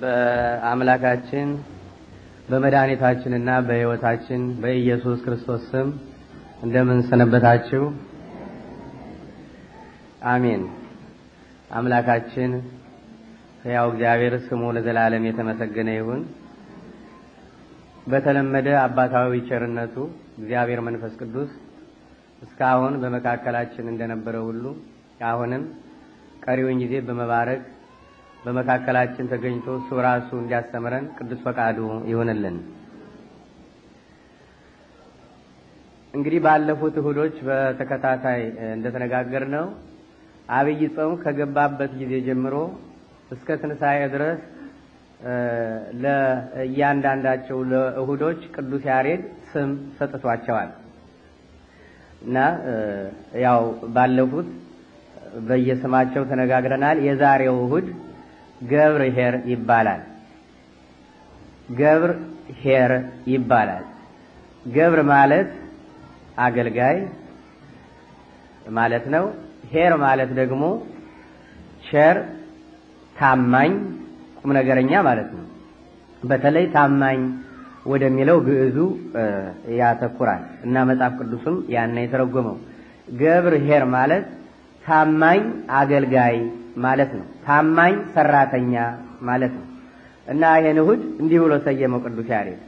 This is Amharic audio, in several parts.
በአምላካችን በመድኃኒታችንና በሕይወታችን በኢየሱስ ክርስቶስ ስም እንደምን ሰነበታችሁ? አሜን። አምላካችን ሕያው እግዚአብሔር ስሙ ለዘላለም የተመሰገነ ይሁን። በተለመደ አባታዊ ቸርነቱ እግዚአብሔር መንፈስ ቅዱስ እስካሁን በመካከላችን እንደነበረ ሁሉ አሁንም ቀሪውን ጊዜ በመባረክ በመካከላችን ተገኝቶ እሱ ራሱ እንዲያስተምረን ቅዱስ ፈቃዱ ይሆንልን። እንግዲህ ባለፉት እሁዶች በተከታታይ ነው አብይ ጾም ከገባበት ጊዜ ጀምሮ እስከ ትንሣኤ ድረስ ለእያንዳንዳቸው ለእሁዶች ቅዱስ ያሬድ ስም ሰጥቷቸዋል እና ያው ባለፉት በየስማቸው ተነጋግረናል። የዛሬው እሁድ ገብር ሄር ይባላል። ገብር ሄር ይባላል። ገብር ማለት አገልጋይ ማለት ነው። ሄር ማለት ደግሞ ቸር፣ ታማኝ፣ ቁም ነገረኛ ማለት ነው። በተለይ ታማኝ ወደሚለው ግዕዙ ያተኩራል እና መጽሐፍ ቅዱስም ያን የተረጎመው ገብር ሄር ማለት ታማኝ አገልጋይ ማለት ነው። ታማኝ ሰራተኛ ማለት ነው እና ይሄን እሁድ እንዲህ ብሎ ሰየመው ቅዱስ ያሬድ።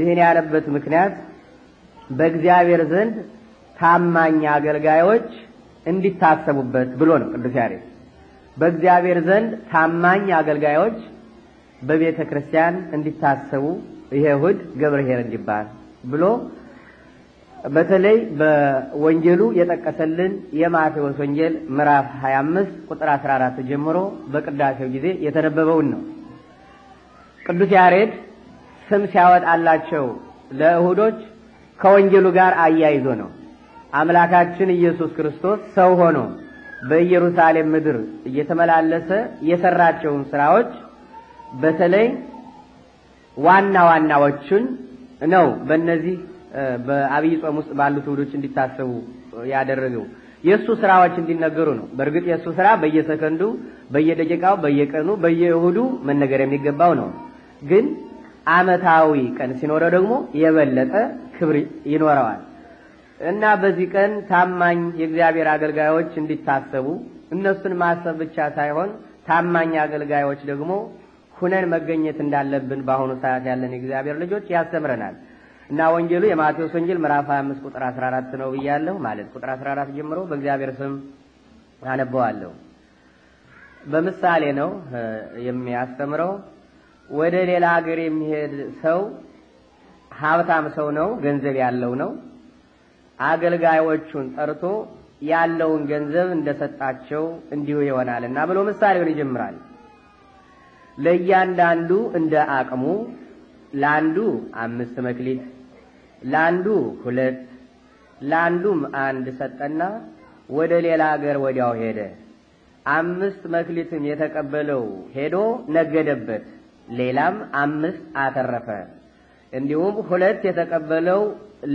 ይህን ያለበት ምክንያት በእግዚአብሔር ዘንድ ታማኝ አገልጋዮች እንዲታሰቡበት ብሎ ነው ቅዱስ ያሬድ። በእግዚአብሔር ዘንድ ታማኝ አገልጋዮች በቤተ ክርስቲያን እንዲታሰቡ ይሄ ሁድ ገብር እንዲባል ብሎ በተለይ በወንጀሉ የጠቀሰልን የማቴዎስ ወንጌል ምዕራፍ 25 ቁጥር 14 ጀምሮ በቅዳሴው ጊዜ የተነበበውን ነው። ቅዱስ ያሬድ ስም ሲያወጣላቸው ለእሁዶች ከወንጀሉ ጋር አያይዞ ነው። አምላካችን ኢየሱስ ክርስቶስ ሰው ሆኖ በኢየሩሳሌም ምድር እየተመላለሰ የሰራቸውን ስራዎች በተለይ ዋና ዋናዎቹን ነው በእነዚህ በአብይ ጾም ውስጥ ባሉ ትውልዶች እንዲታሰቡ ያደረገው የእሱ ስራዎች እንዲነገሩ ነው። በእርግጥ የእሱ ስራ በየሰከንዱ፣ በየደቂቃው፣ በየቀኑ፣ በየእሁዱ መነገር የሚገባው ነው። ግን አመታዊ ቀን ሲኖረው ደግሞ የበለጠ ክብር ይኖረዋል እና በዚህ ቀን ታማኝ የእግዚአብሔር አገልጋዮች እንዲታሰቡ እነሱን ማሰብ ብቻ ሳይሆን ታማኝ አገልጋዮች ደግሞ ሁነን መገኘት እንዳለብን በአሁኑ ሰዓት ያለን የእግዚአብሔር ልጆች ያስተምረናል። እና ወንጌሉ የማቴዎስ ወንጌል ምዕራፍ 25 ቁጥር 14 ነው ብያለሁ። ማለት ቁጥር 14 ጀምሮ በእግዚአብሔር ስም አነበዋለሁ። በምሳሌ ነው የሚያስተምረው። ወደ ሌላ ሀገር የሚሄድ ሰው ሀብታም ሰው ነው፣ ገንዘብ ያለው ነው። አገልጋዮቹን ጠርቶ ያለውን ገንዘብ እንደሰጣቸው እንዲሁ ይሆናልና ብሎ ምሳሌውን ይጀምራል። ለእያንዳንዱ እንደ አቅሙ ለአንዱ አምስት መክሊት ለአንዱ ሁለት ለአንዱም አንድ ሰጠና ወደ ሌላ አገር ወዲያው ሄደ። አምስት መክሊትም የተቀበለው ሄዶ ነገደበት፣ ሌላም አምስት አተረፈ። እንዲሁም ሁለት የተቀበለው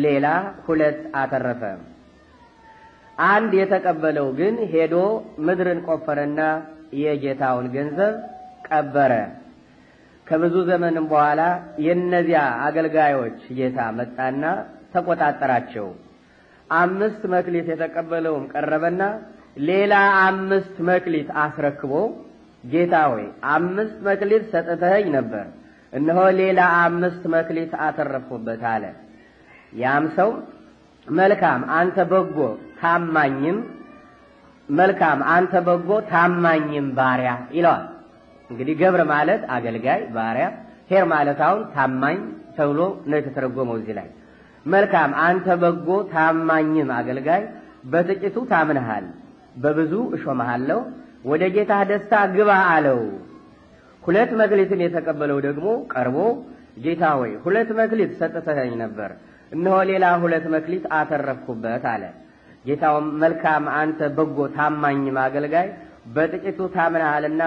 ሌላ ሁለት አተረፈ። አንድ የተቀበለው ግን ሄዶ ምድርን ቆፈረና የጌታውን ገንዘብ ቀበረ። ከብዙ ዘመንም በኋላ የእነዚያ አገልጋዮች ጌታ መጣና ተቆጣጠራቸው። አምስት መክሊት የተቀበለውም ቀረበና ሌላ አምስት መክሊት አስረክቦ ጌታ ሆይ አምስት መክሊት ሰጥተኸኝ ነበር፣ እነሆ ሌላ አምስት መክሊት አተረፍኩበት አለ። ያም ሰው መልካም አንተ በጎ ታማኝም መልካም አንተ በጎ ታማኝም ባሪያ ይለዋል። እንግዲህ ገብር ማለት አገልጋይ ባሪያ፣ ሄር ማለት አሁን ታማኝ ተብሎ ነው የተተረጎመው እዚህ ላይ። መልካም አንተ በጎ ታማኝም አገልጋይ በጥቂቱ ታምንሃል፣ በብዙ እሾመሃለሁ፣ ወደ ጌታህ ደስታ ግባ አለው። ሁለት መክሊትን የተቀበለው ደግሞ ቀርቦ ጌታ ሆይ ሁለት መክሊት ሰጥተኸኝ ነበር፣ እነሆ ሌላ ሁለት መክሊት አተረፍኩበት አለ። ጌታውም መልካም አንተ በጎ ታማኝም አገልጋይ በጥቂቱ ታምንሃልና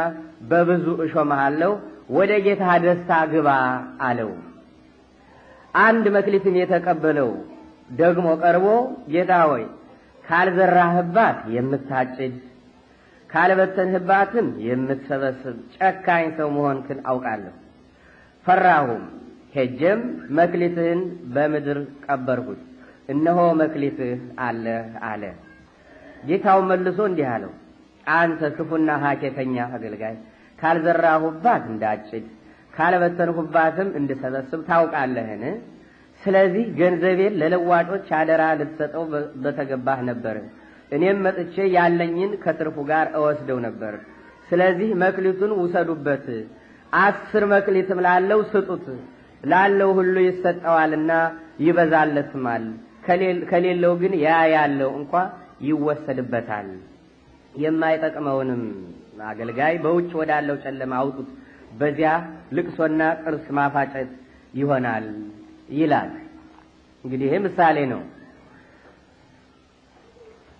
በብዙ እሾምሃለሁ ወደ ጌታ ደስታ ግባ አለው። አንድ መክሊትን የተቀበለው ደግሞ ቀርቦ ጌታ ሆይ ካልዘራህባት የምታጭድ ካልበተንህባትም የምትሰበስብ ጨካኝ ሰው መሆንክን አውቃለሁ። ፈራሁም፣ ሄጀም መክሊትህን በምድር ቀበርሁት፣ እነሆ መክሊትህ አለ አለ። ጌታው መልሶ እንዲህ አለው፣ አንተ ክፉና ሀኬተኛ አገልጋይ ካልዘራሁባት እንዳጭድ ካልበተንሁባትም እንድሰበስብ ታውቃለህን? ስለዚህ ገንዘቤን ለለዋጮች አደራ ልትሰጠው በተገባህ ነበር። እኔም መጥቼ ያለኝን ከትርፉ ጋር እወስደው ነበር። ስለዚህ መክሊቱን ውሰዱበት፣ አስር መክሊትም ላለው ስጡት፣ ላለው ሁሉ ይሰጠዋልና ይበዛለትማል። ከሌለው ግን ያ ያለው እንኳ ይወሰድበታል የማይጠቅመውንም አገልጋይ በውጭ ወዳለው ጨለማ አውጡት፣ በዚያ ልቅሶና ጥርስ ማፋጨት ይሆናል ይላል። እንግዲህ ይህ ምሳሌ ነው።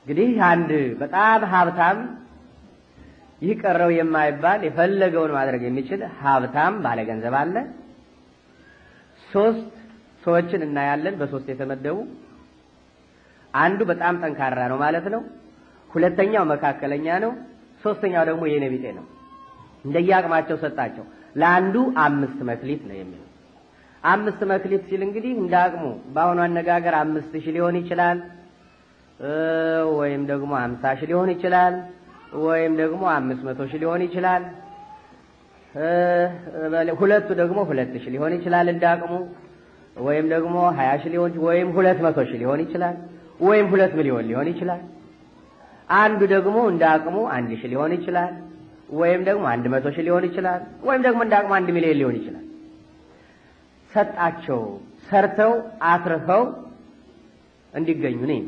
እንግዲህ አንድ በጣም ሀብታም ይህ ቀረው የማይባል የፈለገውን ማድረግ የሚችል ሀብታም ባለገንዘብ አለ። ሶስት ሰዎችን እናያለን፣ በሶስት የተመደቡ አንዱ በጣም ጠንካራ ነው ማለት ነው። ሁለተኛው መካከለኛ ነው። ሶስተኛው ደግሞ የነቢጤ ነው። እንደየአቅማቸው ሰጣቸው። ለአንዱ አምስት መክሊት ነው የሚለው። አምስት መክሊት ሲል እንግዲህ እንደ አቅሙ በአሁኑ አነጋገር አምስት ሺህ ሊሆን ይችላል፣ ወይም ደግሞ አምሳ ሺህ ሊሆን ይችላል፣ ወይም ደግሞ አምስት መቶ ሺህ ሊሆን ይችላል። ሁለቱ ደግሞ ሁለት ሺህ ሊሆን ይችላል እንደ አቅሙ፣ ወይም ደግሞ ሀያ ሺህ ሊሆን ወይም ሁለት መቶ ሺህ ሊሆን ይችላል፣ ወይም ሁለት ሚሊዮን ሊሆን ይችላል። አንዱ ደግሞ እንደ አቅሙ አንድ ሺህ ሊሆን ይችላል፣ ወይም ደግሞ አንድ መቶ ሺህ ሊሆን ይችላል፣ ወይም ደግሞ እንደ አቅሙ አንድ ሚሊዮን ሊሆን ይችላል። ሰጣቸው ሰርተው አትርፈው እንዲገኙ ነኝ።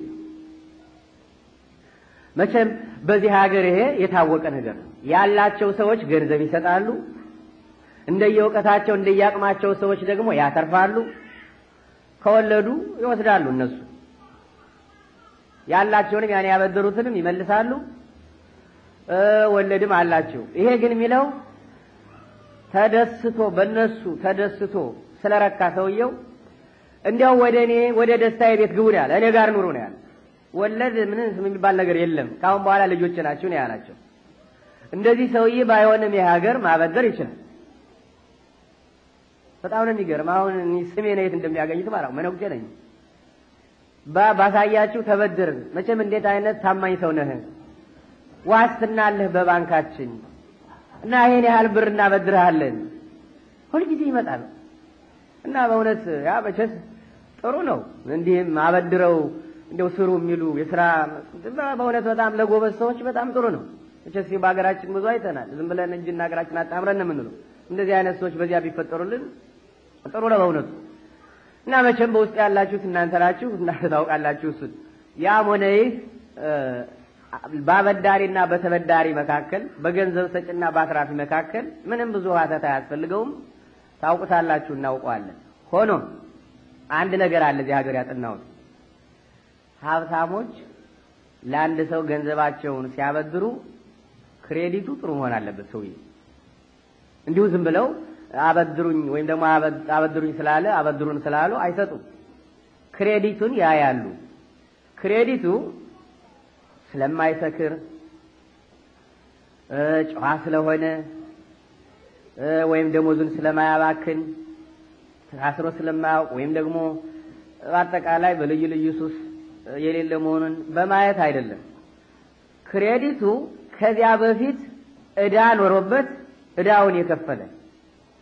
መቼም በዚህ ሀገር ይሄ የታወቀ ነገር ነው። ያላቸው ሰዎች ገንዘብ ይሰጣሉ። እንደየእውቀታቸው እንደየአቅማቸው ሰዎች ደግሞ ያተርፋሉ። ከወለዱ ይወስዳሉ እነሱ ያላቸውንም ያን ያበደሩትንም ይመልሳሉ፣ ወለድም አላቸው። ይሄ ግን የሚለው ተደስቶ በእነሱ ተደስቶ ስለረካ ሰውየው እንዲያው ወደ እኔ ወደ ደስታዬ ቤት ግቡ ነው ያለ፣ እኔ ጋር ኑሩ ነው ያለ። ወለድ ምን የሚባል ነገር የለም፣ ከአሁን በኋላ ልጆች ናችሁ ነው ያላቸው። እንደዚህ ሰውዬ ባይሆንም ይህ ሀገር ማበደር ይችላል። በጣም ነው የሚገርም። አሁን ስሜ ነው የት እንደሚያገኙት ማለት መነኩሴ ነኝ ባሳያችሁ ተበድርን። መቼም እንዴት አይነት ታማኝ ሰው ነህ፣ ዋስትና አለህ በባንካችን እና ይሄን ያህል ብር እናበድርሃለን። ሁልጊዜ ይመጣል እና በእውነት ያ መቼስ ጥሩ ነው። እንዲህም አበድረው እንደው ስሩ የሚሉ የስራ በእውነት በጣም ለጎበዝ ሰዎች በጣም ጥሩ ነው። መቼስ በሀገራችን ብዙ አይተናል። ዝም ብለን እጅና ሀገራችን አጣምረን ነው የምንለው። እንደዚህ አይነት ሰዎች በዚያ ቢፈጠሩልን ጥሩ ነው በእውነቱ። እና መቼም በውስጥ ያላችሁት እናንተ ናችሁ፣ እናንተ ታውቃላችሁ። እሱን ያም ሆነ ይህ በአበዳሪና በተበዳሪ መካከል በገንዘብ ሰጭና በአትራፊ መካከል ምንም ብዙ ሀተት አያስፈልገውም። ታውቁታላችሁ፣ እናውቀዋለን። ሆኖም አንድ ነገር አለ እዚህ ሀገር ያጠናሁት። ሀብታሞች ለአንድ ሰው ገንዘባቸውን ሲያበድሩ ክሬዲቱ ጥሩ መሆን አለበት። ሰውዬ እንዲሁ ዝም ብለው አበድሩኝ ወይም ደግሞ አበድሩኝ ስላለ አበድሩን ስላሉ አይሰጡም። ክሬዲቱን ያያሉ። ክሬዲቱ ስለማይሰክር ጨዋ ስለሆነ ወይም ደሞዙን ስለማያባክን ታስሮ ስለማያውቅ ወይም ደግሞ በአጠቃላይ በልዩ ልዩ ሱስ የሌለ መሆኑን በማየት አይደለም። ክሬዲቱ ከዚያ በፊት እዳ ኖሮበት እዳውን የከፈለ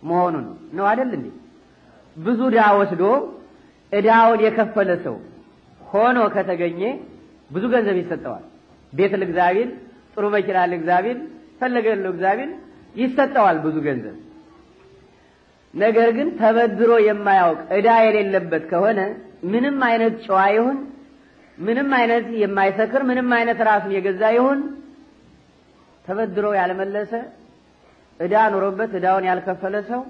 መሆኑን ነው አይደል እንዴ? ብዙ ዕዳ ወስዶ ዕዳውን የከፈለ ሰው ሆኖ ከተገኘ ብዙ ገንዘብ ይሰጠዋል። ቤት ለእግዚአብሔር፣ ጥሩ መኪና ለእግዚአብሔር፣ ፈለገ ለእግዚአብሔር ይሰጠዋል ብዙ ገንዘብ። ነገር ግን ተበድሮ የማያውቅ ዕዳ የሌለበት ከሆነ ምንም አይነት ጨዋ ይሁን፣ ምንም አይነት የማይሰክር፣ ምንም አይነት ራሱን የገዛ ይሁን ተበድሮ ያልመለሰ እዳ ኖሮበት እዳውን ያልከፈለ ሰው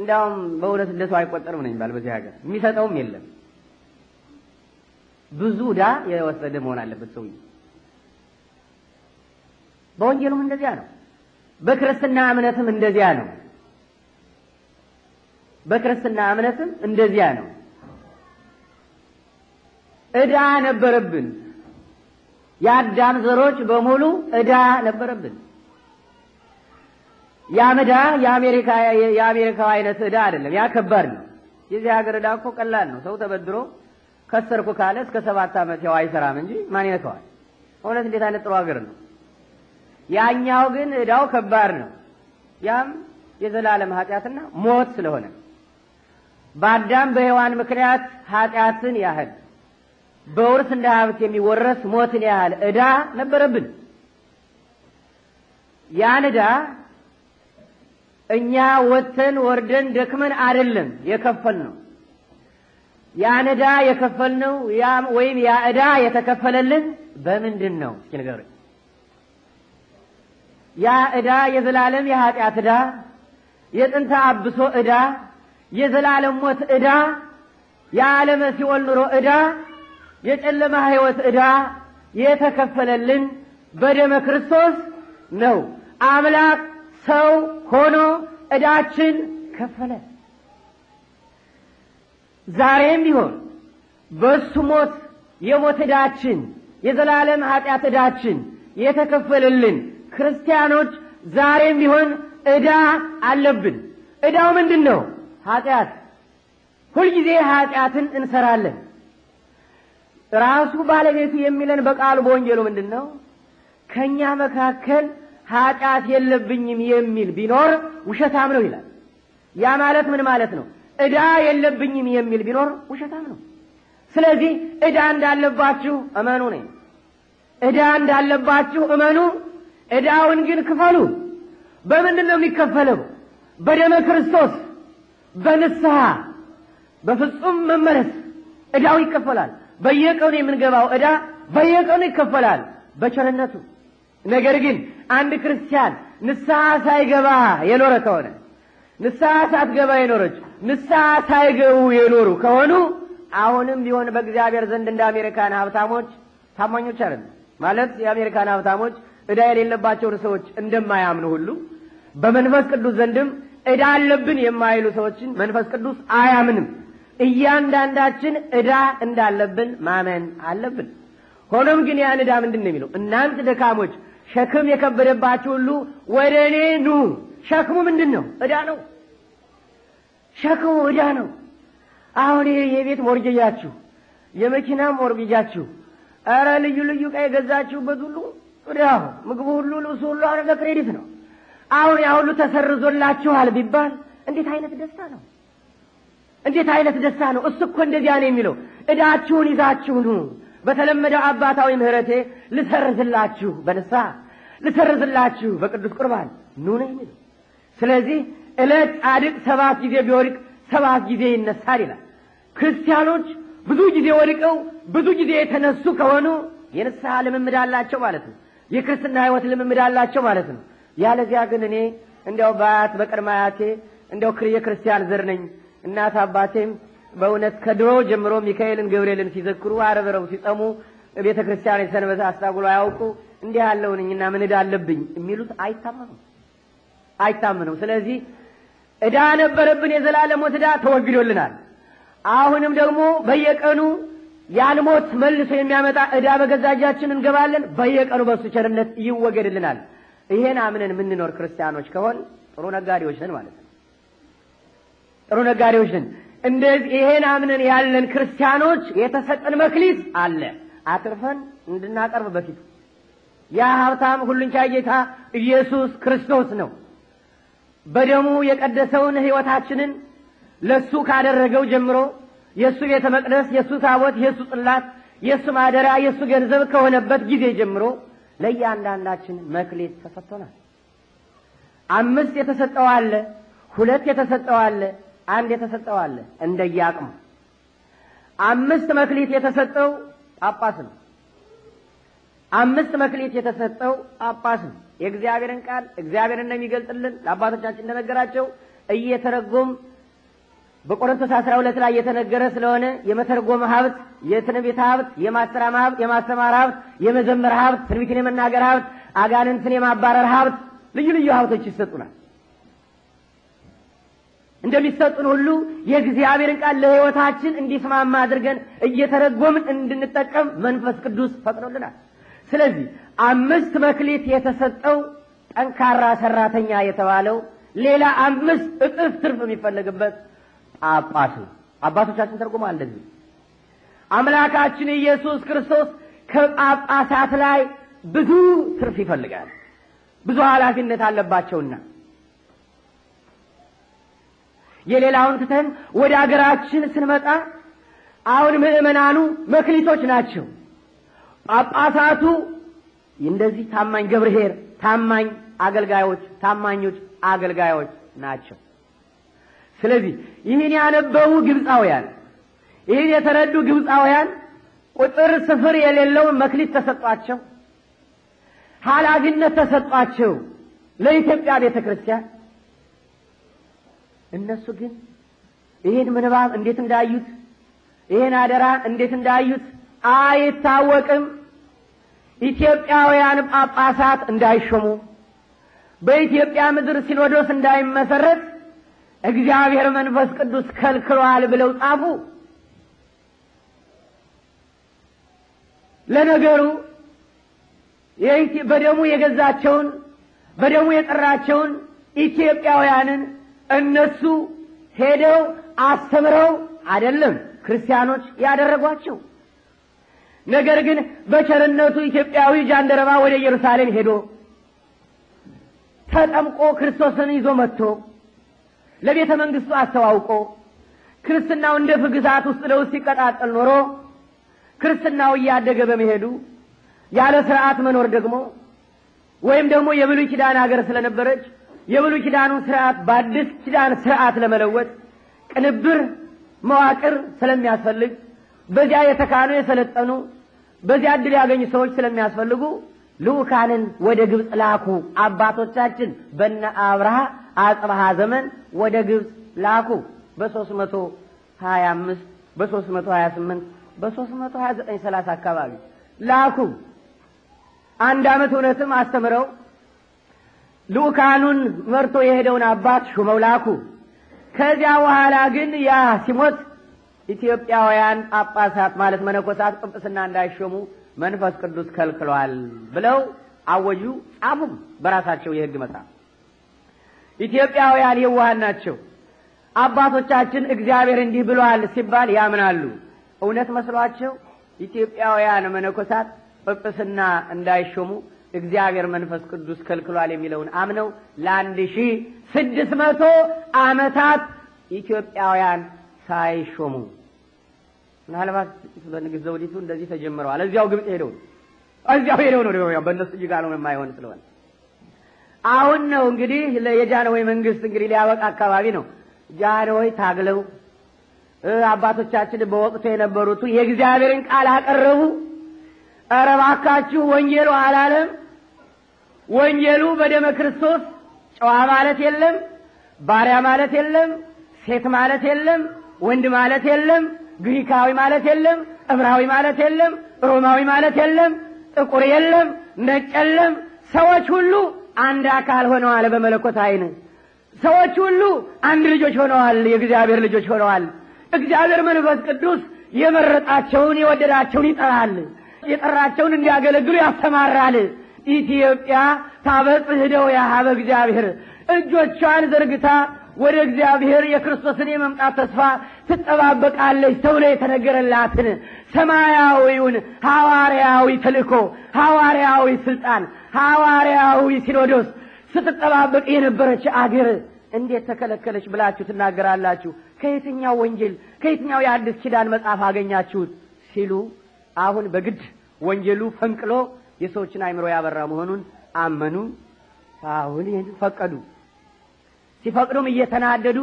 እንዲያውም በእውነት እንደ ሰው አይቆጠርም ነው የሚባል። በዚህ ሀገር የሚሰጠውም የለም። ብዙ እዳ የወሰደ መሆን አለበት ሰውዬ። በወንጌሉም እንደዚያ ነው። በክርስትና እምነትም እንደዚያ ነው። በክርስትና እምነትም እንደዚያ ነው። እዳ ነበረብን። የአዳም ዘሮች በሙሉ እዳ ነበረብን። ያ ዕዳ የአሜሪካ የአሜሪካው አይነት ዕዳ አይደለም። ያ ከባድ ነው። የዚህ ሀገር ዕዳ እኮ ቀላል ነው። ሰው ተበድሮ ከሰርኩ ካለ እስከ ሰባት ዓመት ያው አይሰራም እንጂ ማን ይነካዋል? እውነት እንዴት አይነት ጥሩ ሀገር ነው። ያኛው ግን ዕዳው ከባድ ነው። ያም የዘላለም ኃጢአትና ሞት ስለሆነ በአዳም በሔዋን ምክንያት ኃጢአትን ያህል በውርስ እንደ ሀብት የሚወረስ ሞትን ያህል ዕዳ ነበረብን። ያን ዕዳ እኛ ወተን ወርደን ደክመን አይደለም የከፈልነው። ያን ዕዳ የከፈልነው ወይም ያ ዕዳ የተከፈለልን በምንድን ነው? እስኪ ንገሩኝ። ያ ዕዳ የዘላለም የኃጢአት ዕዳ፣ የጥንተ አብሶ ዕዳ፣ የዘላለም ሞት ዕዳ፣ የዓለመ ሲኦል ኑሮ ዕዳ፣ የጨለማ ሕይወት ዕዳ የተከፈለልን በደመ ክርስቶስ ነው። አምላክ ሰው ሆኖ ዕዳችን ከፈለ። ዛሬም ቢሆን በእሱ ሞት የሞት ዕዳችን የዘላለም ኃጢአት ዕዳችን የተከፈለልን ክርስቲያኖች ዛሬም ቢሆን ዕዳ አለብን። ዕዳው ምንድን ነው? ኃጢአት። ሁልጊዜ ኃጢአትን እንሰራለን። ራሱ ባለቤቱ የሚለን በቃሉ በወንጌሉ ምንድን ነው? ከእኛ መካከል ኃጢአት የለብኝም የሚል ቢኖር ውሸታም ነው ይላል። ያ ማለት ምን ማለት ነው? ዕዳ የለብኝም የሚል ቢኖር ውሸታም ነው። ስለዚህ ዕዳ እንዳለባችሁ እመኑ ነ። ዕዳ እንዳለባችሁ እመኑ፣ ዕዳውን ግን ክፈሉ። በምንድን ነው የሚከፈለው? በደመ ክርስቶስ፣ በንስሐ፣ በፍጹም መመለስ ዕዳው ይከፈላል። በየቀኑ የምንገባው ዕዳ በየቀኑ ይከፈላል በቸርነቱ ነገር ግን አንድ ክርስቲያን ንስሐ ሳይገባ የኖረ ከሆነ ንስሐ ሳትገባ የኖረች ንስሐ ሳይገቡ የኖሩ ከሆኑ አሁንም ቢሆን በእግዚአብሔር ዘንድ እንደ አሜሪካን ሀብታሞች ታማኞች አለ ማለት የአሜሪካን ሀብታሞች እዳ የሌለባቸውን ሰዎች እንደማያምኑ ሁሉ በመንፈስ ቅዱስ ዘንድም እዳ አለብን የማይሉ ሰዎችን መንፈስ ቅዱስ አያምንም። እያንዳንዳችን እዳ እንዳለብን ማመን አለብን። ሆኖም ግን ያን እዳ ምንድን ነው የሚለው? እናንት ደካሞች ሸክም የከበደባችሁ ሁሉ ወደ እኔ ኑ። ሸክሙ ምንድን ነው? ዕዳ ነው። ሸክሙ እዳ ነው። አሁን ይሄ የቤት ሞርጌጃችሁ፣ የመኪና ሞርጌጃችሁ፣ ኧረ ልዩ ልዩ ዕቃ የገዛችሁበት ሁሉ ዕዳ፣ ምግቡ ሁሉ፣ ልብሱ ሁሉ አሁን በክሬዲት ነው። አሁን ያ ሁሉ ተሰርዞላችኋል ቢባል እንዴት አይነት ደስታ ነው! እንዴት አይነት ደስታ ነው! እሱ እኮ እንደዚያ ነው የሚለው ዕዳችሁን ይዛችሁ ኑ በተለመደው አባታዊ ምሕረቴ ልሰርዝላችሁ፣ በንስሐ ልሰርዝላችሁ፣ በቅዱስ ቁርባን ኑ ነው ስለዚህ ዕለት ጻድቅ ሰባት ጊዜ ቢወድቅ ሰባት ጊዜ ይነሳል ይላል። ክርስቲያኖች ብዙ ጊዜ ወድቀው ብዙ ጊዜ የተነሱ ከሆኑ የንስሐ ልምምድ አላቸው ማለት ነው። የክርስትና ህይወት ልምምድ አላቸው ማለት ነው። ያለዚያ ግን እኔ እንዲያው በአያት በቅድመ አያቴ እንዲያው የክርስቲያን ዘር ነኝ እናት አባቴም በእውነት ከድሮ ጀምሮ ሚካኤልን ገብርኤልን ሲዘክሩ አረብረው ሲጸሙ ቤተ ክርስቲያን የሰንበት አስታጉሎ አያውቁ እንዲህ ያለውንኝና ምን እዳ አለብኝ የሚሉት አይታመኑም አይታመኑም። ስለዚህ እዳ ነበረብን የዘላለም ሞት ዕዳ ተወግዶልናል። አሁንም ደግሞ በየቀኑ ያን ሞት መልሶ የሚያመጣ እዳ በገዛ እጃችን እንገባለን። በየቀኑ በእሱ ቸርነት ይወገድልናል። ይሄን አምነን የምንኖር ክርስቲያኖች ከሆን ጥሩ ነጋዴዎች ነን ማለት ነው። ጥሩ ነጋዴዎች ነን። እንደዚህ ይሄን አምነን ያለን ክርስቲያኖች የተሰጠን መክሊት አለ አትርፈን እንድናቀርብ በፊቱ ያ ሀብታም ሁሉን ቻይ ጌታ ኢየሱስ ክርስቶስ ነው። በደሙ የቀደሰውን ሕይወታችንን ለሱ ካደረገው ጀምሮ የእሱ ቤተ መቅደስ፣ የእሱ ታቦት፣ የእሱ ጽላት፣ የእሱ ማደሪያ፣ የእሱ ገንዘብ ከሆነበት ጊዜ ጀምሮ ለእያንዳንዳችን መክሌት ተሰጥቶናል። አምስት የተሰጠው አለ፣ ሁለት የተሰጠው አለ አንድ የተሰጠው አለ እንደየአቅሙ። አምስት መክሊት የተሰጠው ጳጳስ ነው። አምስት መክሊት የተሰጠው ጳጳስ ነው። የእግዚአብሔርን ቃል እግዚአብሔር እንደሚገልጥልን ለአባቶቻችን እንደነገራቸው እየተረጎም በቆሮንቶስ 12 ላይ የተነገረ ስለሆነ የመተርጎም ሀብት፣ የትንቢት ሀብት፣ የማስተራም ሀብት፣ የማስተማር ሀብት፣ የመዘመር ሀብት፣ ትንቢትን የመናገር ሀብት፣ አጋንንትን የማባረር ሀብት፣ ልዩ ልዩ ሀብቶች ይሰጡናል። እንደሚሰጡን ሁሉ የእግዚአብሔርን ቃል ለሕይወታችን እንዲስማማ አድርገን እየተረጎምን እንድንጠቀም መንፈስ ቅዱስ ፈቅዶልናል። ስለዚህ አምስት መክሊት የተሰጠው ጠንካራ ሰራተኛ የተባለው ሌላ አምስት እጥፍ ትርፍ የሚፈለግበት ጳጳስ ነው። አባቶቻችን ተርጉመዋል እንደዚህ። አምላካችን ኢየሱስ ክርስቶስ ከጳጳሳት ላይ ብዙ ትርፍ ይፈልጋል፣ ብዙ ኃላፊነት አለባቸውና የሌላውን ትተን ወደ አገራችን ስንመጣ አሁን ምእመናኑ መክሊቶች ናቸው። ጳጳሳቱ እንደዚህ ታማኝ ገብርሄር ታማኝ አገልጋዮች፣ ታማኞች አገልጋዮች ናቸው። ስለዚህ ይህን ያነበቡ ግብፃውያን፣ ይህን የተረዱ ግብፃውያን ቁጥር ስፍር የሌለውን መክሊት ተሰጧቸው፣ ሀላፊነት ተሰጧቸው ለኢትዮጵያ ቤተ ክርስቲያን እነሱ ግን ይህን ምንባብ እንዴት እንዳዩት ይህን አደራ እንዴት እንዳዩት አይታወቅም። ኢትዮጵያውያን ጳጳሳት እንዳይሾሙ፣ በኢትዮጵያ ምድር ሲኖዶስ እንዳይመሰረት እግዚአብሔር መንፈስ ቅዱስ ከልክሏል ብለው ጻፉ። ለነገሩ በደሙ የገዛቸውን በደሙ የጠራቸውን ኢትዮጵያውያንን እነሱ ሄደው አስተምረው አይደለም ክርስቲያኖች ያደረጓቸው። ነገር ግን በቸርነቱ ኢትዮጵያዊ ጃንደረባ ወደ ኢየሩሳሌም ሄዶ ተጠምቆ ክርስቶስን ይዞ መጥቶ ለቤተ መንግስቱ አስተዋውቆ ክርስትናው እንደ ፍግዛት ውስጥ ለውስጥ ሲቀጣጠል ኖሮ ክርስትናው እያደገ በመሄዱ ያለ ስርዓት መኖር ደግሞ ወይም ደግሞ የብሉይ ኪዳን ሀገር ስለነበረች የብሉ ኪዳኑን ስርዓት በአዲስ ኪዳን ስርዓት ለመለወጥ ቅንብር መዋቅር ስለሚያስፈልግ በዚያ የተካኑ የሰለጠኑ በዚያ እድል ያገኙ ሰዎች ስለሚያስፈልጉ ልኡካንን ወደ ግብጽ ላኩ። አባቶቻችን በነ አብርሃ አጽብሃ ዘመን ወደ ግብጽ ላኩ። በ325 በ328 በ329 አካባቢ ላኩ። አንድ አመት እውነትም አስተምረው ልኡካኑን መርቶ የሄደውን አባት ሹመው ላኩ። ከዚያ በኋላ ግን ያ ሲሞት ኢትዮጵያውያን ጳጳሳት ማለት መነኮሳት ጵጵስና እንዳይሾሙ መንፈስ ቅዱስ ከልክሏል ብለው አወጁ፣ ጻፉም በራሳቸው የሕግ መጽሐፍ። ኢትዮጵያውያን የዋሃን ናቸው። አባቶቻችን እግዚአብሔር እንዲህ ብሏል ሲባል ያምናሉ። እውነት መስሏቸው ኢትዮጵያውያን መነኮሳት ጵጵስና እንዳይሾሙ እግዚአብሔር መንፈስ ቅዱስ ከልክሏል የሚለውን አምነው ለአንድ ሺህ ስድስት መቶ ዓመታት ኢትዮጵያውያን ሳይሾሙ ምናልባት በንግሥት ዘውዲቱ እንደዚህ ተጀምረዋል። እዚያው ግብፅ ሄደው እዚያው ሄደው ነው በእነሱ እጅ ጋር ነው የማይሆን ስለሆነ አሁን ነው እንግዲህ የጃንሆይ መንግስት እንግዲህ ሊያበቃ አካባቢ ነው። ጃንሆይ ታግለው አባቶቻችን በወቅቱ የነበሩት የእግዚአብሔርን ቃል አቀረቡ። ኧረ እባካችሁ ወንጌሉ አላለም። ወንጌሉ በደመ ክርስቶስ ጨዋ ማለት የለም፣ ባሪያ ማለት የለም፣ ሴት ማለት የለም፣ ወንድ ማለት የለም፣ ግሪካዊ ማለት የለም፣ እብራዊ ማለት የለም፣ ሮማዊ ማለት የለም፣ ጥቁር የለም፣ ነጭ የለም። ሰዎች ሁሉ አንድ አካል ሆነዋል በመለኮት ዓይን ሰዎች ሁሉ አንድ ልጆች ሆነዋል፣ የእግዚአብሔር ልጆች ሆነዋል። እግዚአብሔር መንፈስ ቅዱስ የመረጣቸውን የወደዳቸውን ይጠራል። የጠራቸውን እንዲያገለግሉ ያስተማራል። ኢትዮጵያ ህደው እደዊሃ እግዚአብሔር እጆቿን ዘርግታ ወደ እግዚአብሔር የክርስቶስን የመምጣት ተስፋ ትጠባበቃለች ተብሎ የተነገረላትን ሰማያዊውን ሐዋርያዊ ተልእኮ፣ ሐዋርያዊ ስልጣን፣ ሐዋርያዊ ሲኖዶስ ስትጠባበቅ የነበረች አገር እንዴት ተከለከለች ብላችሁ ትናገራላችሁ? ከየትኛው ወንጌል ከየትኛው የአዲስ ኪዳን መጽሐፍ አገኛችሁት? ሲሉ አሁን በግድ ወንጀሉ ፈንቅሎ የሰዎችን አይምሮ ያበራ መሆኑን አመኑ። አሁን ይህን ፈቀዱ። ሲፈቅዱም እየተናደዱ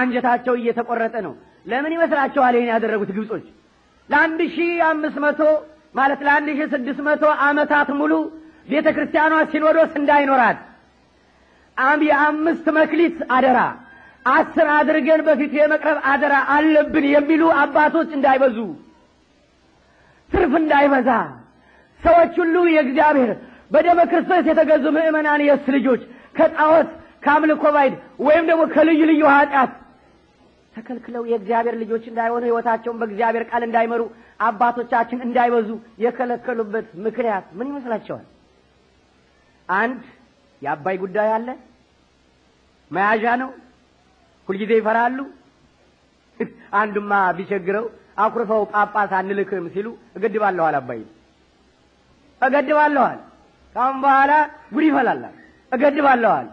አንጀታቸው እየተቆረጠ ነው። ለምን ይመስላችኋል ይህን ያደረጉት ግብጾች? ለአንድ ሺ አምስት መቶ ማለት ለአንድ ሺ ስድስት መቶ አመታት ሙሉ ቤተ ክርስቲያኗ ሲኖዶስ እንዳይኖራት የአምስት መክሊት አደራ አስር አድርገን በፊቱ የመቅረብ አደራ አለብን የሚሉ አባቶች እንዳይበዙ ትርፍ እንዳይበዛ ሰዎች ሁሉ የእግዚአብሔር በደመ ክርስቶስ የተገዙ ምእመናን የእሱ ልጆች ከጣዖት ከአምልኮ ባይድ ወይም ደግሞ ከልዩ ልዩ ኃጢአት ተከልክለው የእግዚአብሔር ልጆች እንዳይሆኑ ሕይወታቸውን በእግዚአብሔር ቃል እንዳይመሩ አባቶቻችን እንዳይበዙ የከለከሉበት ምክንያት ምን ይመስላቸዋል? አንድ የአባይ ጉዳይ አለ። መያዣ ነው። ሁልጊዜ ይፈራሉ። አንዱማ ቢቸግረው አኩርፈው ጳጳስ አንልክም ሲሉ እገድባለኋል አባይ እገድባለኋል ካሁን በኋላ ጉድ ይፈላል፣ እገድባለኋል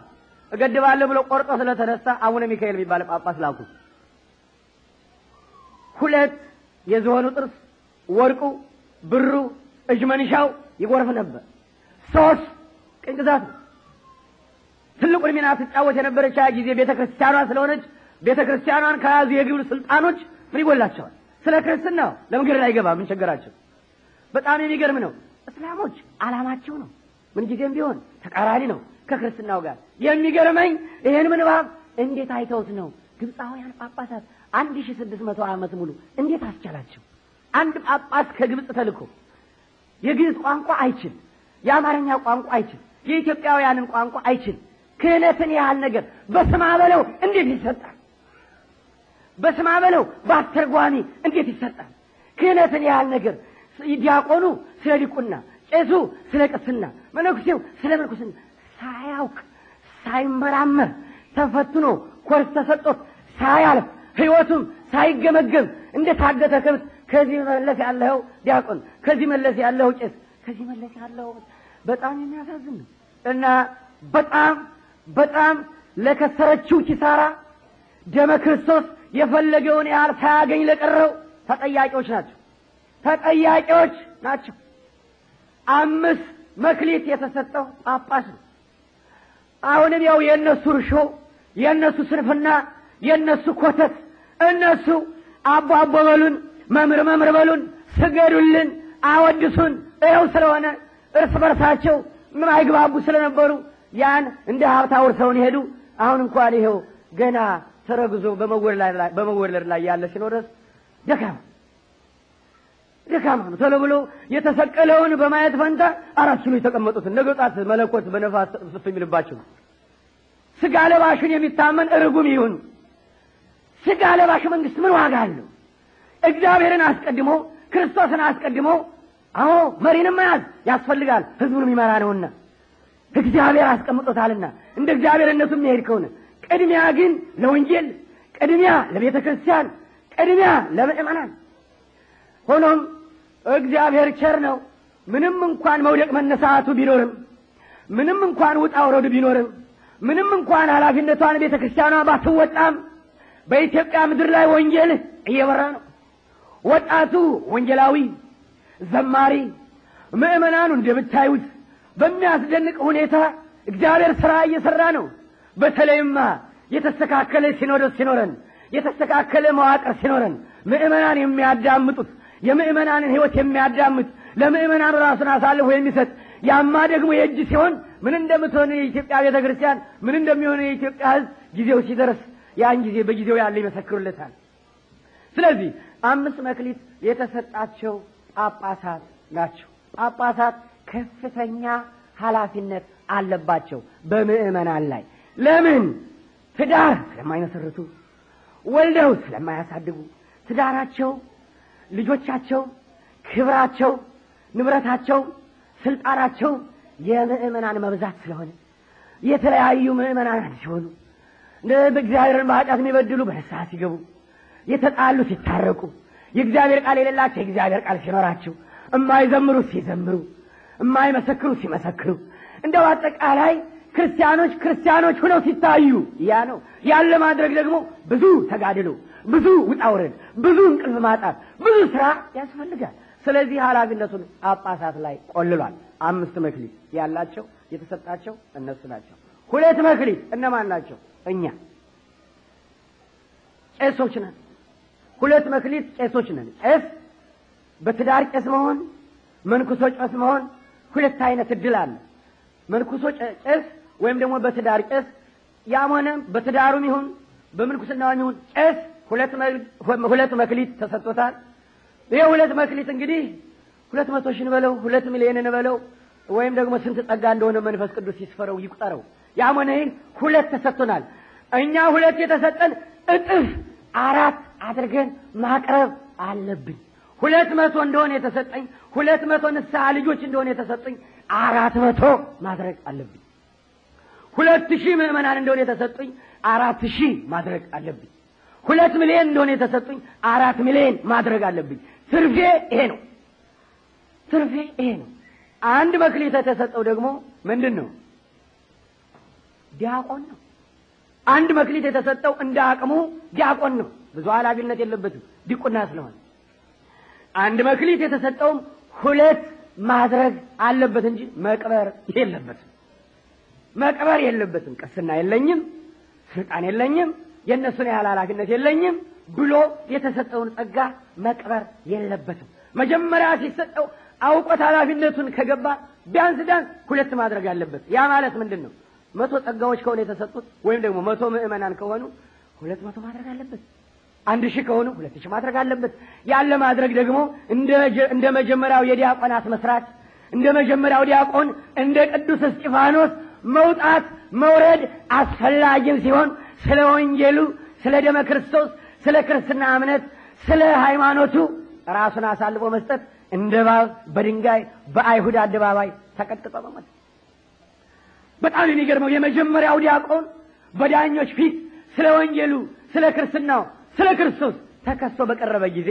እገድባለሁ ብሎ ቆርጦ ስለተነሳ አቡነ ሚካኤል የሚባል ጳጳስ ላኩ። ሁለት የዝሆኑ ጥርስ ወርቁ፣ ብሩ፣ እጅ መንሻው ይጎርፍ ነበር። ሶስት ቅኝ ትልቁን ሚና ትጫወት የነበረች ጊዜ ቤተ ክርስቲያኗ ስለሆነች ቤተ ክርስቲያኗን ከያዙ የግብር ስልጣኖች ምን ይጎላቸዋል? ስለ ክርስትና ለምንገድ አይገባ ምን ቸገራቸው? በጣም የሚገርም ነው። እስላሞች አላማቸው ነው ምንጊዜም ቢሆን ተቃራኒ ነው ከክርስትናው ጋር። የሚገርመኝ ይህን ምንባብ እንዴት አይተውት ነው ግብፃውያን ጳጳሳት አንድ ሺ ስድስት መቶ ዓመት ሙሉ እንዴት አስቻላቸው? አንድ ጳጳስ ከግብፅ ተልኮ የግዕዝ ቋንቋ አይችል፣ የአማርኛ ቋንቋ አይችል፣ የኢትዮጵያውያንን ቋንቋ አይችል፣ ክህነትን ያህል ነገር በስማ በለው እንዴት ይሰጣል? በስማመ ነው በአስተርጓሚ እንዴት ይሰጣል? ክህነትን ያህል ነገር ዲያቆኑ ስለ ዲቁና፣ ቄሱ ስለ ቅስና፣ መነኩሴው ስለ ምንኩስና ሳያውቅ ሳይመራመር ተፈትኖ ኮርስ ተሰጦት ሳያልፍ ህይወቱም ሳይገመገም እንደ ታገተ ከብት ከዚህ መለስ ያለው ዲያቆን፣ ከዚህ መለስ ያለው ቄስ፣ ከዚህ መለስ ያለው በጣም የሚያሳዝን ነው እና በጣም በጣም ለከሰረችው ኪሳራ ደመ ክርስቶስ የፈለገውን ያህል ሳያገኝ ለቀረው ተጠያቂዎች ናቸው ተጠያቂዎች ናቸው። አምስት መክሊት የተሰጠው ጳጳስ ነው። አሁንም ያው የእነሱ እርሾ፣ የእነሱ ስንፍና፣ የእነሱ ኮተት እነሱ አቦ አቦ በሉን፣ መምር መምር በሉን፣ ስገዱልን፣ አወድሱን ይኸው ስለሆነ እርስ በርሳቸው ምን አይግባቡ ስለነበሩ ያን እንደ ሀብታ አውርሰውን ሄዱ። አሁን እንኳን ይኸው ገና ተረግዞ በመወለድ ላይ ያለ ሲኖዶስ ደካማ ደካማ ነው። ብሎ የተሰቀለውን በማየት ፈንታ አራት ኪሎ የተቀመጡትን ነገ ጧት መለኮት በነፋስ ስፍ የሚልባቸው ስጋ ለባሽን የሚታመን እርጉም ይሁን። ስጋ ለባሽ መንግስት ምን ዋጋ አለው? እግዚአብሔርን አስቀድሞ ክርስቶስን አስቀድሞ አዎ መሪንም መያዝ ያስፈልጋል። ህዝቡን የሚመራ ነውና እግዚአብሔር አስቀምጦታልና እንደ እግዚአብሔርነቱ የሚሄድ ከሆነ ቅድሚያ ግን ለወንጌል፣ ቅድሚያ ለቤተ ክርስቲያን፣ ቅድሚያ ለምእመናን። ሆኖም እግዚአብሔር ቸር ነው። ምንም እንኳን መውደቅ መነሳቱ ቢኖርም፣ ምንም እንኳን ውጣ ውረዱ ቢኖርም፣ ምንም እንኳን ኃላፊነቷን ቤተ ክርስቲያኗ ባትወጣም በኢትዮጵያ ምድር ላይ ወንጌል እየበራ ነው። ወጣቱ ወንጌላዊ፣ ዘማሪ፣ ምእመናኑ እንደምታዩት በሚያስደንቅ ሁኔታ እግዚአብሔር ሥራ እየሠራ ነው። በተለይማ የተስተካከለ ሲኖዶስ ሲኖረን የተስተካከለ መዋቅር ሲኖረን ምእመናን የሚያዳምጡት የምእመናንን ህይወት የሚያዳምጥ ለምእመናን ራሱን አሳልፎ የሚሰጥ ያማ ደግሞ የእጅ ሲሆን ምን እንደምትሆን የኢትዮጵያ ቤተ ክርስቲያን ምን እንደሚሆን የኢትዮጵያ ህዝብ ጊዜው ሲደርስ ያን ጊዜ በጊዜው ያለ ይመሰክሩለታል። ስለዚህ አምስት መክሊት የተሰጣቸው ጳጳሳት ናቸው። ጳጳሳት ከፍተኛ ኃላፊነት አለባቸው በምዕመናን ላይ ለምን ትዳር ስለማይመሰርቱ ወልደው ስለማያሳድጉ ትዳራቸው፣ ልጆቻቸው፣ ክብራቸው፣ ንብረታቸው፣ ስልጣናቸው የምዕመናን መብዛት ስለሆነ የተለያዩ ምዕመናን ሲሆኑ በእግዚአብሔርን በኃጢአት የሚበድሉ በንስሐ ሲገቡ የተጣሉ ሲታረቁ የእግዚአብሔር ቃል የሌላቸው የእግዚአብሔር ቃል ሲኖራቸው እማይዘምሩ ሲዘምሩ እማይመሰክሩ ሲመሰክሩ እንደው አጠቃላይ ክርስቲያኖች ክርስቲያኖች ሆነው ሲታዩ ያ ነው። ያን ለማድረግ ደግሞ ብዙ ተጋድሎ፣ ብዙ ውጣውረድ ብዙ እንቅልፍ ማጣት፣ ብዙ ስራ ያስፈልጋል። ስለዚህ ኃላፊነቱን ጳጳሳት ላይ ቆልሏል። አምስት መክሊት ያላቸው የተሰጣቸው እነሱ ናቸው። ሁለት መክሊት እነማን ናቸው? እኛ ቄሶች ነን። ሁለት መክሊት ቄሶች ነን። ቄስ በትዳር ቄስ መሆን፣ መንኩሶ ቄስ መሆን ሁለት አይነት እድል አለ። መንኩሶ ቄስ ወይም ደግሞ በትዳር ቄስ ያም ሆነ በትዳሩም ይሁን በምንኩስናውም ይሁን ቄስ ሁለት መክሊት ተሰጥቶታል። ይህ ሁለት መክሊት እንግዲህ ሁለት መቶ ሺህ እንበለው ሁለት ሚሊዮን እንበለው ወይም ደግሞ ስንት ጸጋ እንደሆነ መንፈስ ቅዱስ ይስፈረው ይቁጠረው። ያም ሆነ ይህን ሁለት ተሰጥቶናል። እኛ ሁለት የተሰጠን እጥፍ አራት አድርገን ማቅረብ አለብን። ሁለት መቶ እንደሆነ የተሰጠኝ ሁለት መቶ ንስሐ ልጆች እንደሆነ የተሰጠኝ አራት መቶ ማድረግ አለብኝ። ሁለት ሺህ ምዕመናን እንደሆነ የተሰጡኝ አራት ሺህ ማድረግ አለብኝ። ሁለት ሚሊዮን እንደሆነ የተሰጡኝ አራት ሚሊዮን ማድረግ አለብኝ። ትርፌ ይሄ ነው። ትርፌ ይሄ ነው። አንድ መክሊት የተሰጠው ደግሞ ምንድን ነው? ዲያቆን ነው። አንድ መክሊት የተሰጠው እንደ አቅሙ ዲያቆን ነው። ብዙ ኃላፊነት የለበትም ዲቁና ስለሆነ አንድ መክሊት የተሰጠውም ሁለት ማድረግ አለበት እንጂ መቅበር የለበትም። መቅበር የለበትም። ቅስና የለኝም፣ ስልጣን የለኝም፣ የእነሱን ያህል ኃላፊነት የለኝም ብሎ የተሰጠውን ጸጋ መቅበር የለበትም። መጀመሪያ ሲሰጠው አውቆት ኃላፊነቱን ከገባ ቢያንስ ቢያንስ ሁለት ማድረግ አለበት። ያ ማለት ምንድን ነው? መቶ ጸጋዎች ከሆነ የተሰጡት ወይም ደግሞ መቶ ምዕመናን ከሆኑ ሁለት መቶ ማድረግ አለበት። አንድ ሺህ ከሆኑ ሁለት ሺህ ማድረግ አለበት። ያለ ማድረግ ደግሞ እንደ መጀመሪያው የዲያቆናት መስራት እንደ መጀመሪያው ዲያቆን እንደ ቅዱስ እስጢፋኖስ መውጣት መውረድ አስፈላጊም ሲሆን ስለ ወንጌሉ፣ ስለ ደመ ክርስቶስ፣ ስለ ክርስትና እምነት፣ ስለ ሃይማኖቱ ራሱን አሳልፎ መስጠት እንደ እባብ በድንጋይ በአይሁድ አደባባይ ተቀጥቅጦ መሞት። በጣም የሚገርመው የመጀመሪያው ዲያቆን በዳኞች ፊት ስለ ወንጌሉ፣ ስለ ክርስትናው፣ ስለ ክርስቶስ ተከሶ በቀረበ ጊዜ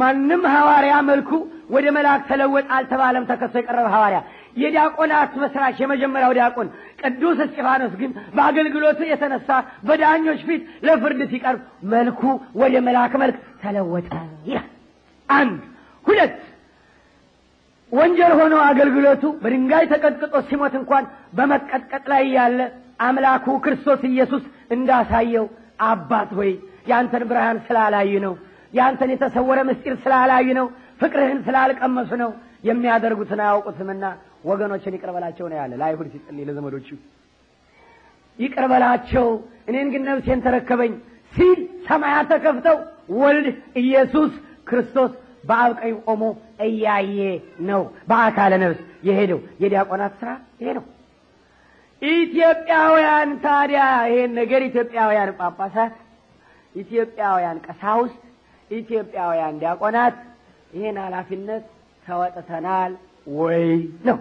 ማንም ሐዋርያ መልኩ ወደ መልአክ ተለወጥ አልተባለም። ተከሶ የቀረበ ሐዋርያ የዲያቆናት መስራች የመጀመሪያው ዲያቆን ቅዱስ እስጢፋኖስ ግን በአገልግሎቱ የተነሳ በዳኞች ፊት ለፍርድ ሲቀርብ መልኩ ወደ መልአክ መልክ ተለወጠ ይላል። አንድ ሁለት ወንጀል ሆኖ አገልግሎቱ በድንጋይ ተቀጥቅጦ ሲሞት እንኳን በመቀጥቀጥ ላይ ያለ አምላኩ ክርስቶስ ኢየሱስ እንዳሳየው አባት ሆይ ያንተን ብርሃን ስላላዩ ነው፣ ያንተን የተሰወረ ምስጢር ስላላዩ ነው፣ ፍቅርህን ስላልቀመሱ ነው፣ የሚያደርጉትን አያውቁትምና ወገኖችን ይቅርበላቸው ነው ያለ ለአይሁድ ሲጸልይ ለዘመዶቹ ይቅርበላቸው እኔን ግን ነፍሴን ተረከበኝ ሲል ሰማያት ተከፍተው ወልድ ኢየሱስ ክርስቶስ በአብ ቀኝ ቆሞ እያየ ነው በአካለ ነፍስ የሄደው። የዲያቆናት ስራ ይሄ ነው። ኢትዮጵያውያን ታዲያ ይሄን ነገር ኢትዮጵያውያን ጳጳሳት፣ ኢትዮጵያውያን ቀሳውስት፣ ኢትዮጵያውያን ዲያቆናት ይሄን ኃላፊነት ተወጥተናል ወይ ነው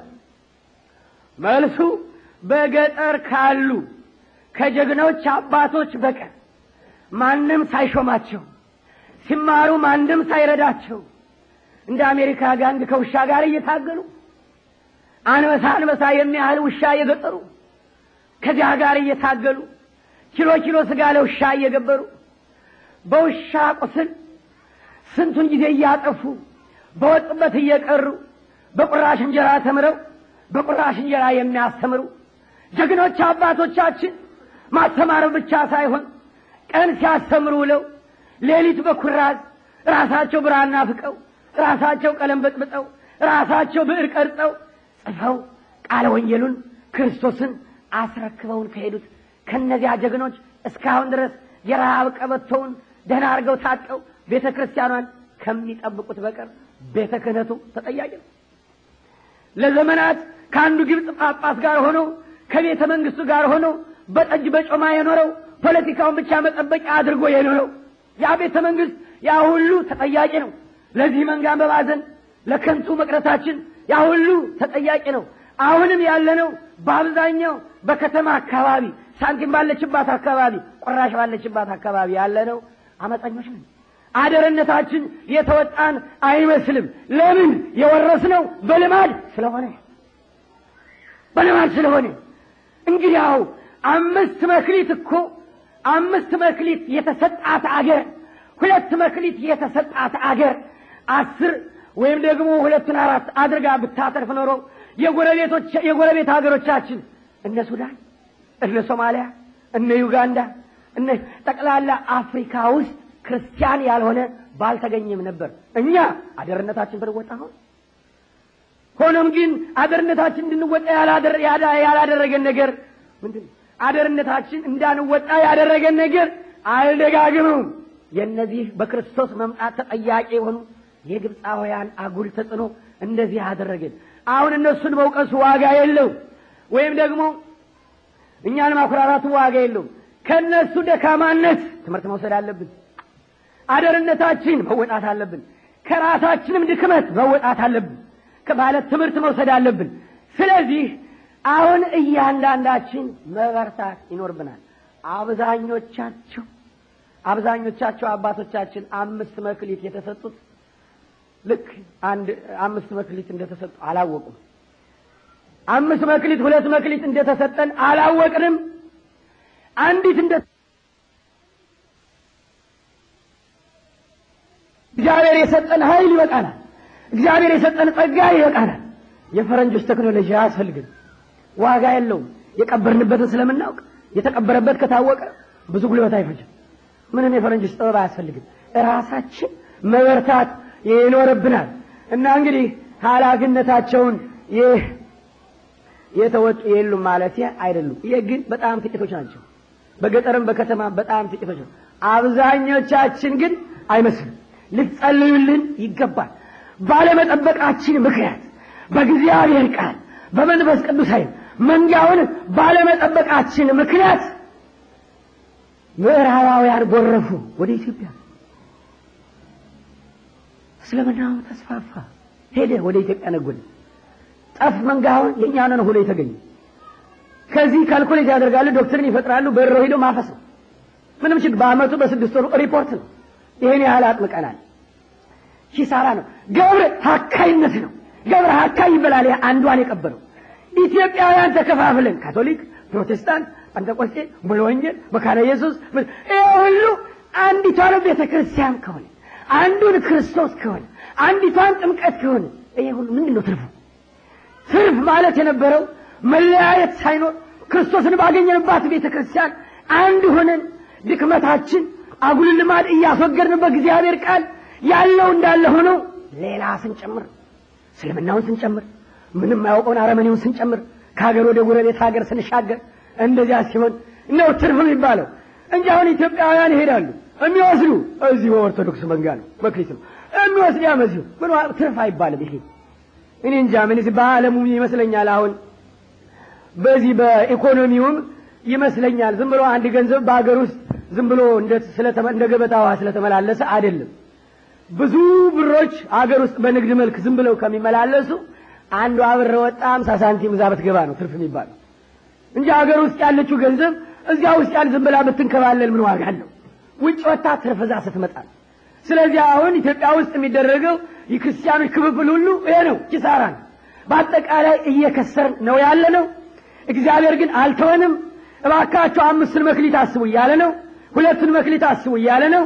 መልሱ። በገጠር ካሉ ከጀግኖች አባቶች በቀር ማንም ሳይሾማቸው ሲማሩ ማንም ሳይረዳቸው እንደ አሜሪካ ጋንግ ከውሻ ጋር እየታገሉ አንበሳ አንበሳ የሚያህል ውሻ እየገጠሩ ከዚያ ጋር እየታገሉ ኪሎ ኪሎ ስጋ ለውሻ እየገበሩ በውሻ ቁስል ስንቱን ጊዜ እያጠፉ በወጥበት እየቀሩ በቁራሽ እንጀራ ተምረው በቁራሽ እንጀራ የሚያስተምሩ ጀግኖች አባቶቻችን ማስተማር ብቻ ሳይሆን ቀን ሲያስተምሩ ውለው ሌሊት በኩራዝ ራሳቸው ብራና ፍቀው ራሳቸው ቀለም በጥብጠው ራሳቸው ብዕር ቀርጸው ጽፈው ቃለ ወንጌሉን ክርስቶስን አስረክበውን ከሄዱት ከነዚያ ጀግኖች እስካሁን ድረስ የረሃብ ቀበቶውን ደህና አድርገው ታጠው ቤተ ክርስቲያኗን ከሚጠብቁት በቀር ቤተ ክህነቱ ተጠያቂ ነው። ለዘመናት ከአንዱ ግብፅ ጳጳስ ጋር ሆኖ ከቤተ መንግስቱ ጋር ሆኖ በጠጅ በጮማ የኖረው ፖለቲካውን ብቻ መጠበቂያ አድርጎ የኖረው ያ ቤተ መንግስት ያ ሁሉ ተጠያቂ ነው። ለዚህ መንጋ መባዘን፣ ለከንቱ መቅረታችን ያ ሁሉ ተጠያቂ ነው። አሁንም ያለነው በአብዛኛው በከተማ አካባቢ ሳንቲም ባለችባት አካባቢ፣ ቁራሽ ባለችባት አካባቢ ያለነው አመፀኞች ነን። አደረነታችን የተወጣን አይመስልም። ለምን? የወረስነው በልማድ ስለሆነ በልማድ ስለሆነ። እንግዲያው አምስት መክሊት እኮ አምስት መክሊት የተሰጣት አገር ሁለት መክሊት የተሰጣት አገር አስር ወይም ደግሞ ሁለቱን አራት አድርጋ ብታተርፍ ኖሮ የጎረቤት ሀገሮቻችን እነ ሱዳን፣ እነ ሶማሊያ፣ እነ ዩጋንዳ፣ እነ ጠቅላላ አፍሪካ ውስጥ ክርስቲያን ያልሆነ ባልተገኘም ነበር። እኛ አደርነታችን ብንወጣ አሁን ሆኖም ግን አደርነታችን እንድንወጣ ያላደረገን ነገር ምንድን አደርነታችን እንዳንወጣ ያደረገን ነገር አልደጋግምም። የእነዚህ በክርስቶስ መምጣት ተጠያቂ የሆኑ የግብፃውያን አጉል ተጽዕኖ እንደዚህ አደረገን። አሁን እነሱን መውቀሱ ዋጋ የለውም፣ ወይም ደግሞ እኛን ማኩራራቱ ዋጋ የለውም። ከእነሱ ደካማነት ትምህርት መውሰድ አለብን። አደርነታችን መወጣት አለብን። ከራሳችንም ድክመት መወጣት አለብን ከባለ ትምህርት መውሰድ አለብን። ስለዚህ አሁን እያንዳንዳችን መበርታት ይኖርብናል። አብዛኞቻቸው አብዛኞቻቸው አባቶቻችን አምስት መክሊት የተሰጡት ልክ አንድ አምስት መክሊት እንደተሰጡ አላወቁም። አምስት መክሊት ሁለት መክሊት እንደተሰጠን አላወቅንም። አንዲት እንደ እግዚአብሔር የሰጠን ኃይል ይበቃናል። እግዚአብሔር የሰጠን ጸጋ ይበቃናል። የፈረንጆች ቴክኖሎጂ አያስፈልግም። ዋጋ የለውም። የቀበርንበትን ስለምናውቅ የተቀበረበት ከታወቀ ብዙ ጉልበት አይፈጅም። ምንም የፈረንጆች ጥበብ አያስፈልግም። ራሳችን መበርታት ይኖርብናል እና እንግዲህ ኃላፊነታቸውን ይህ የተወጡ የሉም ማለት አይደሉም። ይህ ግን በጣም ጥቂቶች ናቸው። በገጠርም በከተማም በጣም ጥቂቶች ናቸው። አብዛኞቻችን ግን አይመስልም። ልትጸልዩልን ይገባል። ባለመጠበቃችን ምክንያት በእግዚአብሔር ቃል በመንፈስ ቅዱስ ኃይል መንጋውን ባለመጠበቃችን ምክንያት ምዕራባውያን ጎረፉ ወደ ኢትዮጵያ። እስልምናው ተስፋፋ፣ ሄደ ወደ ኢትዮጵያ ነጎደ። ጠፍ መንጋውን የእኛ ነን ሆኖ የተገኘ ከዚህ ካልኩሌት ያደርጋሉ፣ ዶክትሪን ይፈጥራሉ፣ በረው ሄዶ ማፈስ ነው። ምንም ችግር በአመቱ በስድስት ወሩ ሪፖርት ነው። ይህን ያህል አጥምቀናል። ኪሳራ ነው። ገብር ሀካይነት ነው። ገብር ሀካይ ይበላል። አንዷን የቀበለው ኢትዮጵያውያን ተከፋፍለን ካቶሊክ፣ ፕሮቴስታንት፣ ጴንጠቆስጤ፣ ሙሉ ወንጌል፣ መካነ ኢየሱስ ሁሉ አንዲቷን ቤተ ክርስቲያን ከሆነ አንዱን ክርስቶስ ከሆነ አንዲቷን ጥምቀት ከሆነ ይሄ ሁሉ ምንድን ነው ትርፉ? ትርፍ ማለት የነበረው መለያየት ሳይኖር ክርስቶስን ባገኘንባት ቤተ ክርስቲያን አንድ ሆነን ድክመታችን አጉል ልማድ እያስወገድን በእግዚአብሔር ቃል ያለው እንዳለ ሆኖ ሌላ ስንጨምር፣ እስልምናውን ስንጨምር፣ ምንም አያውቀውን አረመኔውን ስንጨምር፣ ከሀገር ወደ ጎረቤት ሀገር ስንሻገር እንደዚያ ሲሆን ነው ትርፍ የሚባለው እንጂ አሁን ኢትዮጵያውያን ይሄዳሉ የሚወስዱ እዚህ በኦርቶዶክስ መንጋ ነው መክሊት ነው የሚወስድ ያመዚሁ ምን ትርፍ አይባልም። ይሄ እኔ እንጃ ምን በአለሙ ይመስለኛል አሁን በዚህ በኢኮኖሚውም ይመስለኛል ዝም ብሎ አንድ ገንዘብ በሀገር ውስጥ ዝም ብሎ እንደ ገበታ ውሃ ስለተመላለሰ አይደለም። ብዙ ብሮች አገር ውስጥ በንግድ መልክ ዝም ብለው ከሚመላለሱ አንዷ አብረ ወጣ ሃምሳ ሳንቲም እዛ ብትገባ ነው ትርፍ የሚባለው እንጂ አገር ውስጥ ያለችው ገንዘብ እዚያ ውስጥ ያለ ዝም ብላ ብትንከባለል ምን ዋጋ አለው? ውጭ ወጣ ትርፍ እዛ ስትመጣ ነው። ስለዚህ አሁን ኢትዮጵያ ውስጥ የሚደረገው የክርስቲያኖች ክፍፍል ሁሉ ይሄ ነው፣ ኪሳራ ነው። በአጠቃላይ እየከሰር ነው ያለ ነው። እግዚአብሔር ግን አልተወንም። እባካቸው አምስቱን መክሊት አስቡ እያለ ነው። ሁለቱን መክሊት አስቡ እያለ ነው።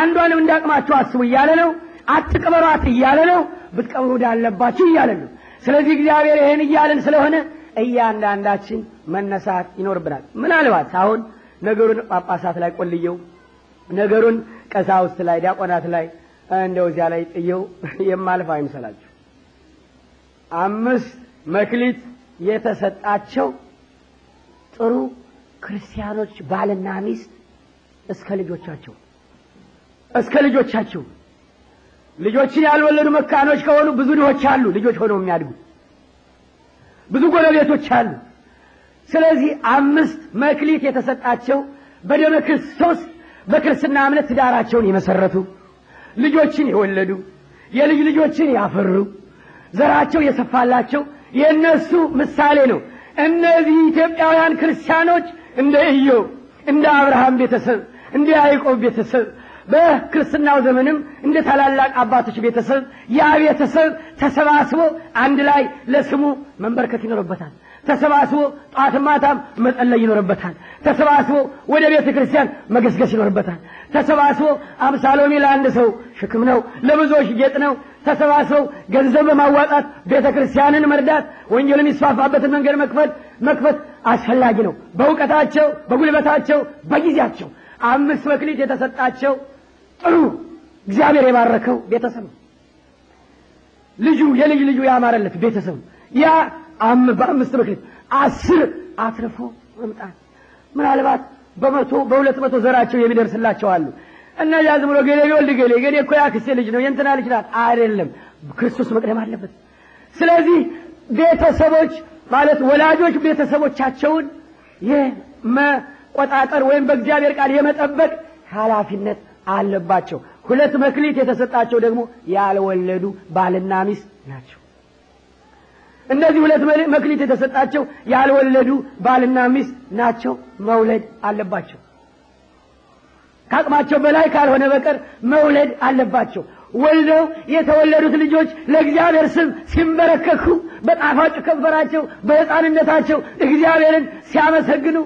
አንዷንም እንዳቅማቸው አስቡ እያለ ነው። አትቅበሯት እያለ ነው። ብትቀብሩ ዳለባችሁ እያለ ነው። ስለዚህ እግዚአብሔር ይሄን እያለን ስለሆነ እያንዳንዳችን መነሳት ይኖርብናል። ምናልባት አሁን ነገሩን ጳጳሳት ላይ ቆልየው ነገሩን ቀሳውስት ላይ፣ ዲያቆናት ላይ እንደው እዚያ ላይ ጥየው የማልፍ አይምሰላችሁ። አምስት መክሊት የተሰጣቸው ጥሩ ክርስቲያኖች ባልና ሚስት እስከ ልጆቻቸው እስከ ልጆቻቸው ልጆችን ያልወለዱ መካኖች ከሆኑ ብዙ ድሆች አሉ፣ ልጆች ሆነው የሚያድጉ ብዙ ጎረቤቶች አሉ። ስለዚህ አምስት መክሊት የተሰጣቸው በደመ ክርስቶስ በክርስትና እምነት ትዳራቸውን የመሰረቱ ልጆችን የወለዱ የልጅ ልጆችን ያፈሩ ዘራቸው የሰፋላቸው የእነሱ ምሳሌ ነው። እነዚህ ኢትዮጵያውያን ክርስቲያኖች እንደ ኢዮ እንደ አብርሃም ቤተሰብ እንደ ያዕቆብ ቤተሰብ በክርስትናው ዘመንም እንደ ታላላቅ አባቶች ቤተሰብ ያ ቤተሰብ ተሰባስቦ አንድ ላይ ለስሙ መንበርከት ይኖርበታል። ተሰባስቦ ጧት ማታም መጸለይ ይኖርበታል። ተሰባስቦ ወደ ቤተ ክርስቲያን መገስገስ ይኖርበታል። ተሰባስቦ አብሳሎሚ ለአንድ ሰው ሸክም ነው፣ ለብዙዎች ጌጥ ነው። ተሰባስበው ገንዘብ በማዋጣት ቤተ ክርስቲያንን መርዳት፣ ወንጌል የሚስፋፋበትን መንገድ መክፈት መክፈት አስፈላጊ ነው። በእውቀታቸው፣ በጉልበታቸው፣ በጊዜያቸው አምስት መክሊት የተሰጣቸው ጥሩ እግዚአብሔር የባረከው ቤተሰብ ልጁ የልጅ ልጁ ያማረለት ቤተሰብ ነው። ያ በአምስት መክሊት አስር አትርፎ መምጣት ምናልባት በመቶ በሁለት መቶ ዘራቸው የሚደርስላቸው አሉ። እነዚያ ዝም ብሎ ገሌ ሊወልድ ገሌ ገሌ እኮ ክሴ ልጅ ነው የእንትና ልጅ ናት አይደለም። ክርስቶስ መቅደም አለበት። ስለዚህ ቤተሰቦች ማለት ወላጆች ቤተሰቦቻቸውን የመቆጣጠር ወይም በእግዚአብሔር ቃል የመጠበቅ ኃላፊነት አለባቸው። ሁለት መክሊት የተሰጣቸው ደግሞ ያልወለዱ ባልና ሚስት ናቸው። እነዚህ ሁለት መክሊት የተሰጣቸው ያልወለዱ ባልና ሚስት ናቸው። መውለድ አለባቸው። ከአቅማቸው በላይ ካልሆነ በቀር መውለድ አለባቸው። ወልደው የተወለዱት ልጆች ለእግዚአብሔር ስም ሲንበረከኩ፣ በጣፋጭ ከንፈራቸው በሕፃንነታቸው እግዚአብሔርን ሲያመሰግኑ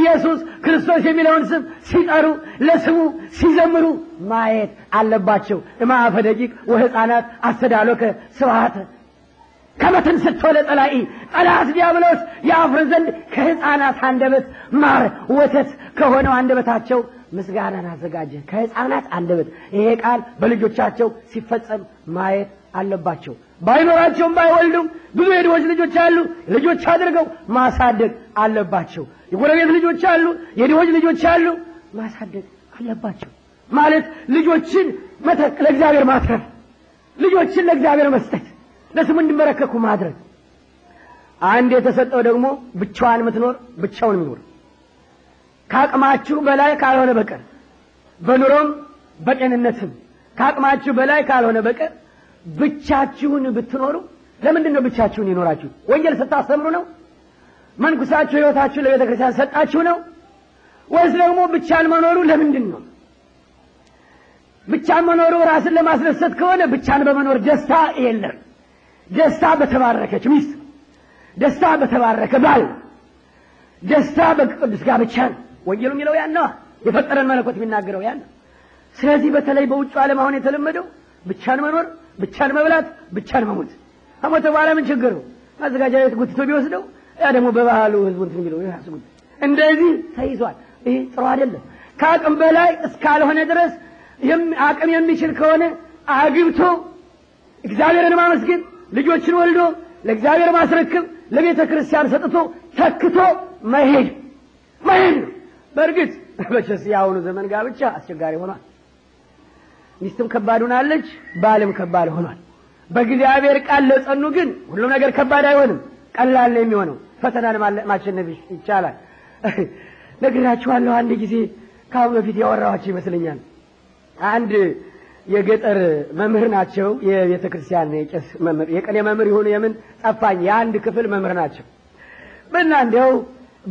ኢየሱስ ክርስቶስ የሚለውን ስም ሲጠሩ ለስሙ ሲዘምሩ ማየት አለባቸው። እማፈ ደቂቅ ወሕፃናት አስተዳሎከ ስብሐተ ከመትን ስትወለ ጠላኢ ጠላት ዲያብሎስ የአፍር ዘንድ ከህፃናት አንደበት ማር ወተት ከሆነው አንደበታቸው ምስጋናን አዘጋጀ። ከህፃናት አንደበት ይሄ ቃል በልጆቻቸው ሲፈጸም ማየት አለባቸው። ባይኖራቸውም ባይወልዱም ብዙ የድሆች ልጆች አሉ። ልጆች አድርገው ማሳደግ አለባቸው። የጎረቤት ልጆች አሉ። የድሆች ልጆች አሉ። ማሳደግ አለባቸው ማለት ልጆችን ለእግዚአብሔር ማትረፍ፣ ልጆችን ለእግዚአብሔር መስጠት፣ ለስሙ እንዲመረከኩ ማድረግ። አንድ የተሰጠው ደግሞ ብቻዋን የምትኖር ብቻውን የሚኖር ከአቅማችሁ በላይ ካልሆነ በቀር በኑሮም በጤንነትም ከአቅማችሁ በላይ ካልሆነ በቀር ብቻችሁን ብትኖሩ ለምንድን ነው ብቻችሁን ይኖራችሁ ወንጌል ስታስተምሩ ነው? መንኩሳችሁ ህይወታችሁን ለቤተ ክርስቲያን ሰጣችሁ ነው? ወይስ ደግሞ ብቻን መኖሩ ለምንድን ነው? ብቻን መኖሩ ራስን ለማስደሰት ከሆነ ብቻን በመኖር ደስታ የለም። ደስታ በተባረከች ሚስት፣ ደስታ በተባረከ ባል፣ ደስታ በቅዱስ ጋብቻ ወንጌሉ የሚለው ያን ነው። የፈጠረን መለኮት የሚናገረው ያን ነው። ስለዚህ በተለይ በውጭ ዓለም አሁን የተለመደው ብቻን መኖር ብቻን መብላት፣ ብቻን መሞት። ከሞተ በኋላ ምን ችግር ነው? ማዘጋጃ ቤት ጉትቶ ቢወስደው ያ ደግሞ በባህሉ ህዝቡ እንትን የሚለው ይሄ እንደዚህ ተይዟል። ይሄ ጥሩ አይደለም። ከአቅም በላይ እስካልሆነ ድረስ አቅም የሚችል ከሆነ አግብቶ እግዚአብሔርን ማመስገን፣ ልጆችን ወልዶ ለእግዚአብሔር ማስረክብ፣ ለቤተ ክርስቲያን ሰጥቶ ተክቶ መሄድ መሄድ ነው። በእርግጥ በቸስ የአሁኑ ዘመን ብቻ አስቸጋሪ ሆኗል። ሚስትም ከባድ ሆናለች፣ ባልም ከባድ ሆኗል። በእግዚአብሔር ቃል ለጸኑ ግን ሁሉም ነገር ከባድ አይሆንም፣ ቀላል ነው የሚሆነው። ፈተናን ማሸነፍ ይቻላል። ነግራችኋለሁ። አንድ ጊዜ ከአሁን በፊት ያወራኋቸው ይመስለኛል። አንድ የገጠር መምህር ናቸው። የቤተ ክርስቲያን የቄስ መምህር፣ የቀኔ መምህር የሆኑ የምን ጠፋኝ፣ የአንድ ክፍል መምህር ናቸው። በእና እንዲያው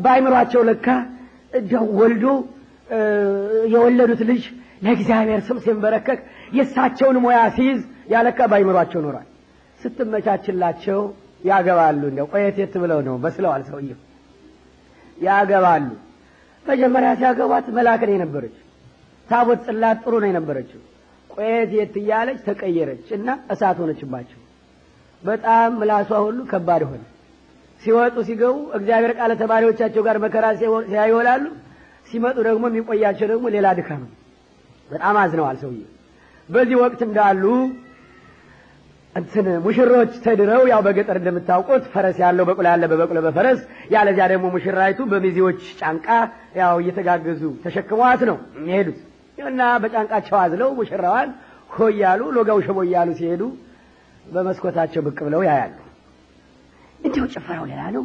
በአይምሯቸው ለካ እንዲያው ወልዶ የወለዱት ልጅ ለእግዚአብሔር ስም ሲንበረከክ የእሳቸውን ሙያ ሲይዝ ያለካ ባይምሯቸው ኖሯል። ስትመቻችላቸው ያገባሉ። እንዲያው ቆየቴት ብለው ነው በስለዋል ሰውየው ያገባሉ። መጀመሪያ ሲያገቧት መላክ ነው የነበረች። ታቦት ጽላት ጥሩ ነው የነበረችው። የት እያለች ተቀየረች እና እሳት ሆነችባቸው። በጣም ምላሷ ሁሉ ከባድ ሆነ። ሲወጡ ሲገቡ እግዚአብሔር ቃለ ተማሪዎቻቸው ጋር መከራ ሲያይወላሉ ሲመጡ ደግሞ የሚቆያቸው ደግሞ ሌላ ድካም ነው። በጣም አዝነዋል ሰውዬ። በዚህ ወቅት እንዳሉ እንትን ሙሽሮች ተድረው ያው በገጠር እንደምታውቁት ፈረስ ያለው በቅሎ ያለ በበቁለ በፈረስ ያለዚያ ደግሞ ሙሽራይቱ በሚዜዎች ጫንቃ ያው እየተጋገዙ ተሸክመዋት ነው የሚሄዱት እና በጫንቃቸው አዝለው ሙሽራዋን ሆ እያሉ ሎጋው ሸቦ እያሉ ሲሄዱ በመስኮታቸው ብቅ ብለው ያያሉ። እንዲሁ ጭፈራው ሌላ ነው፣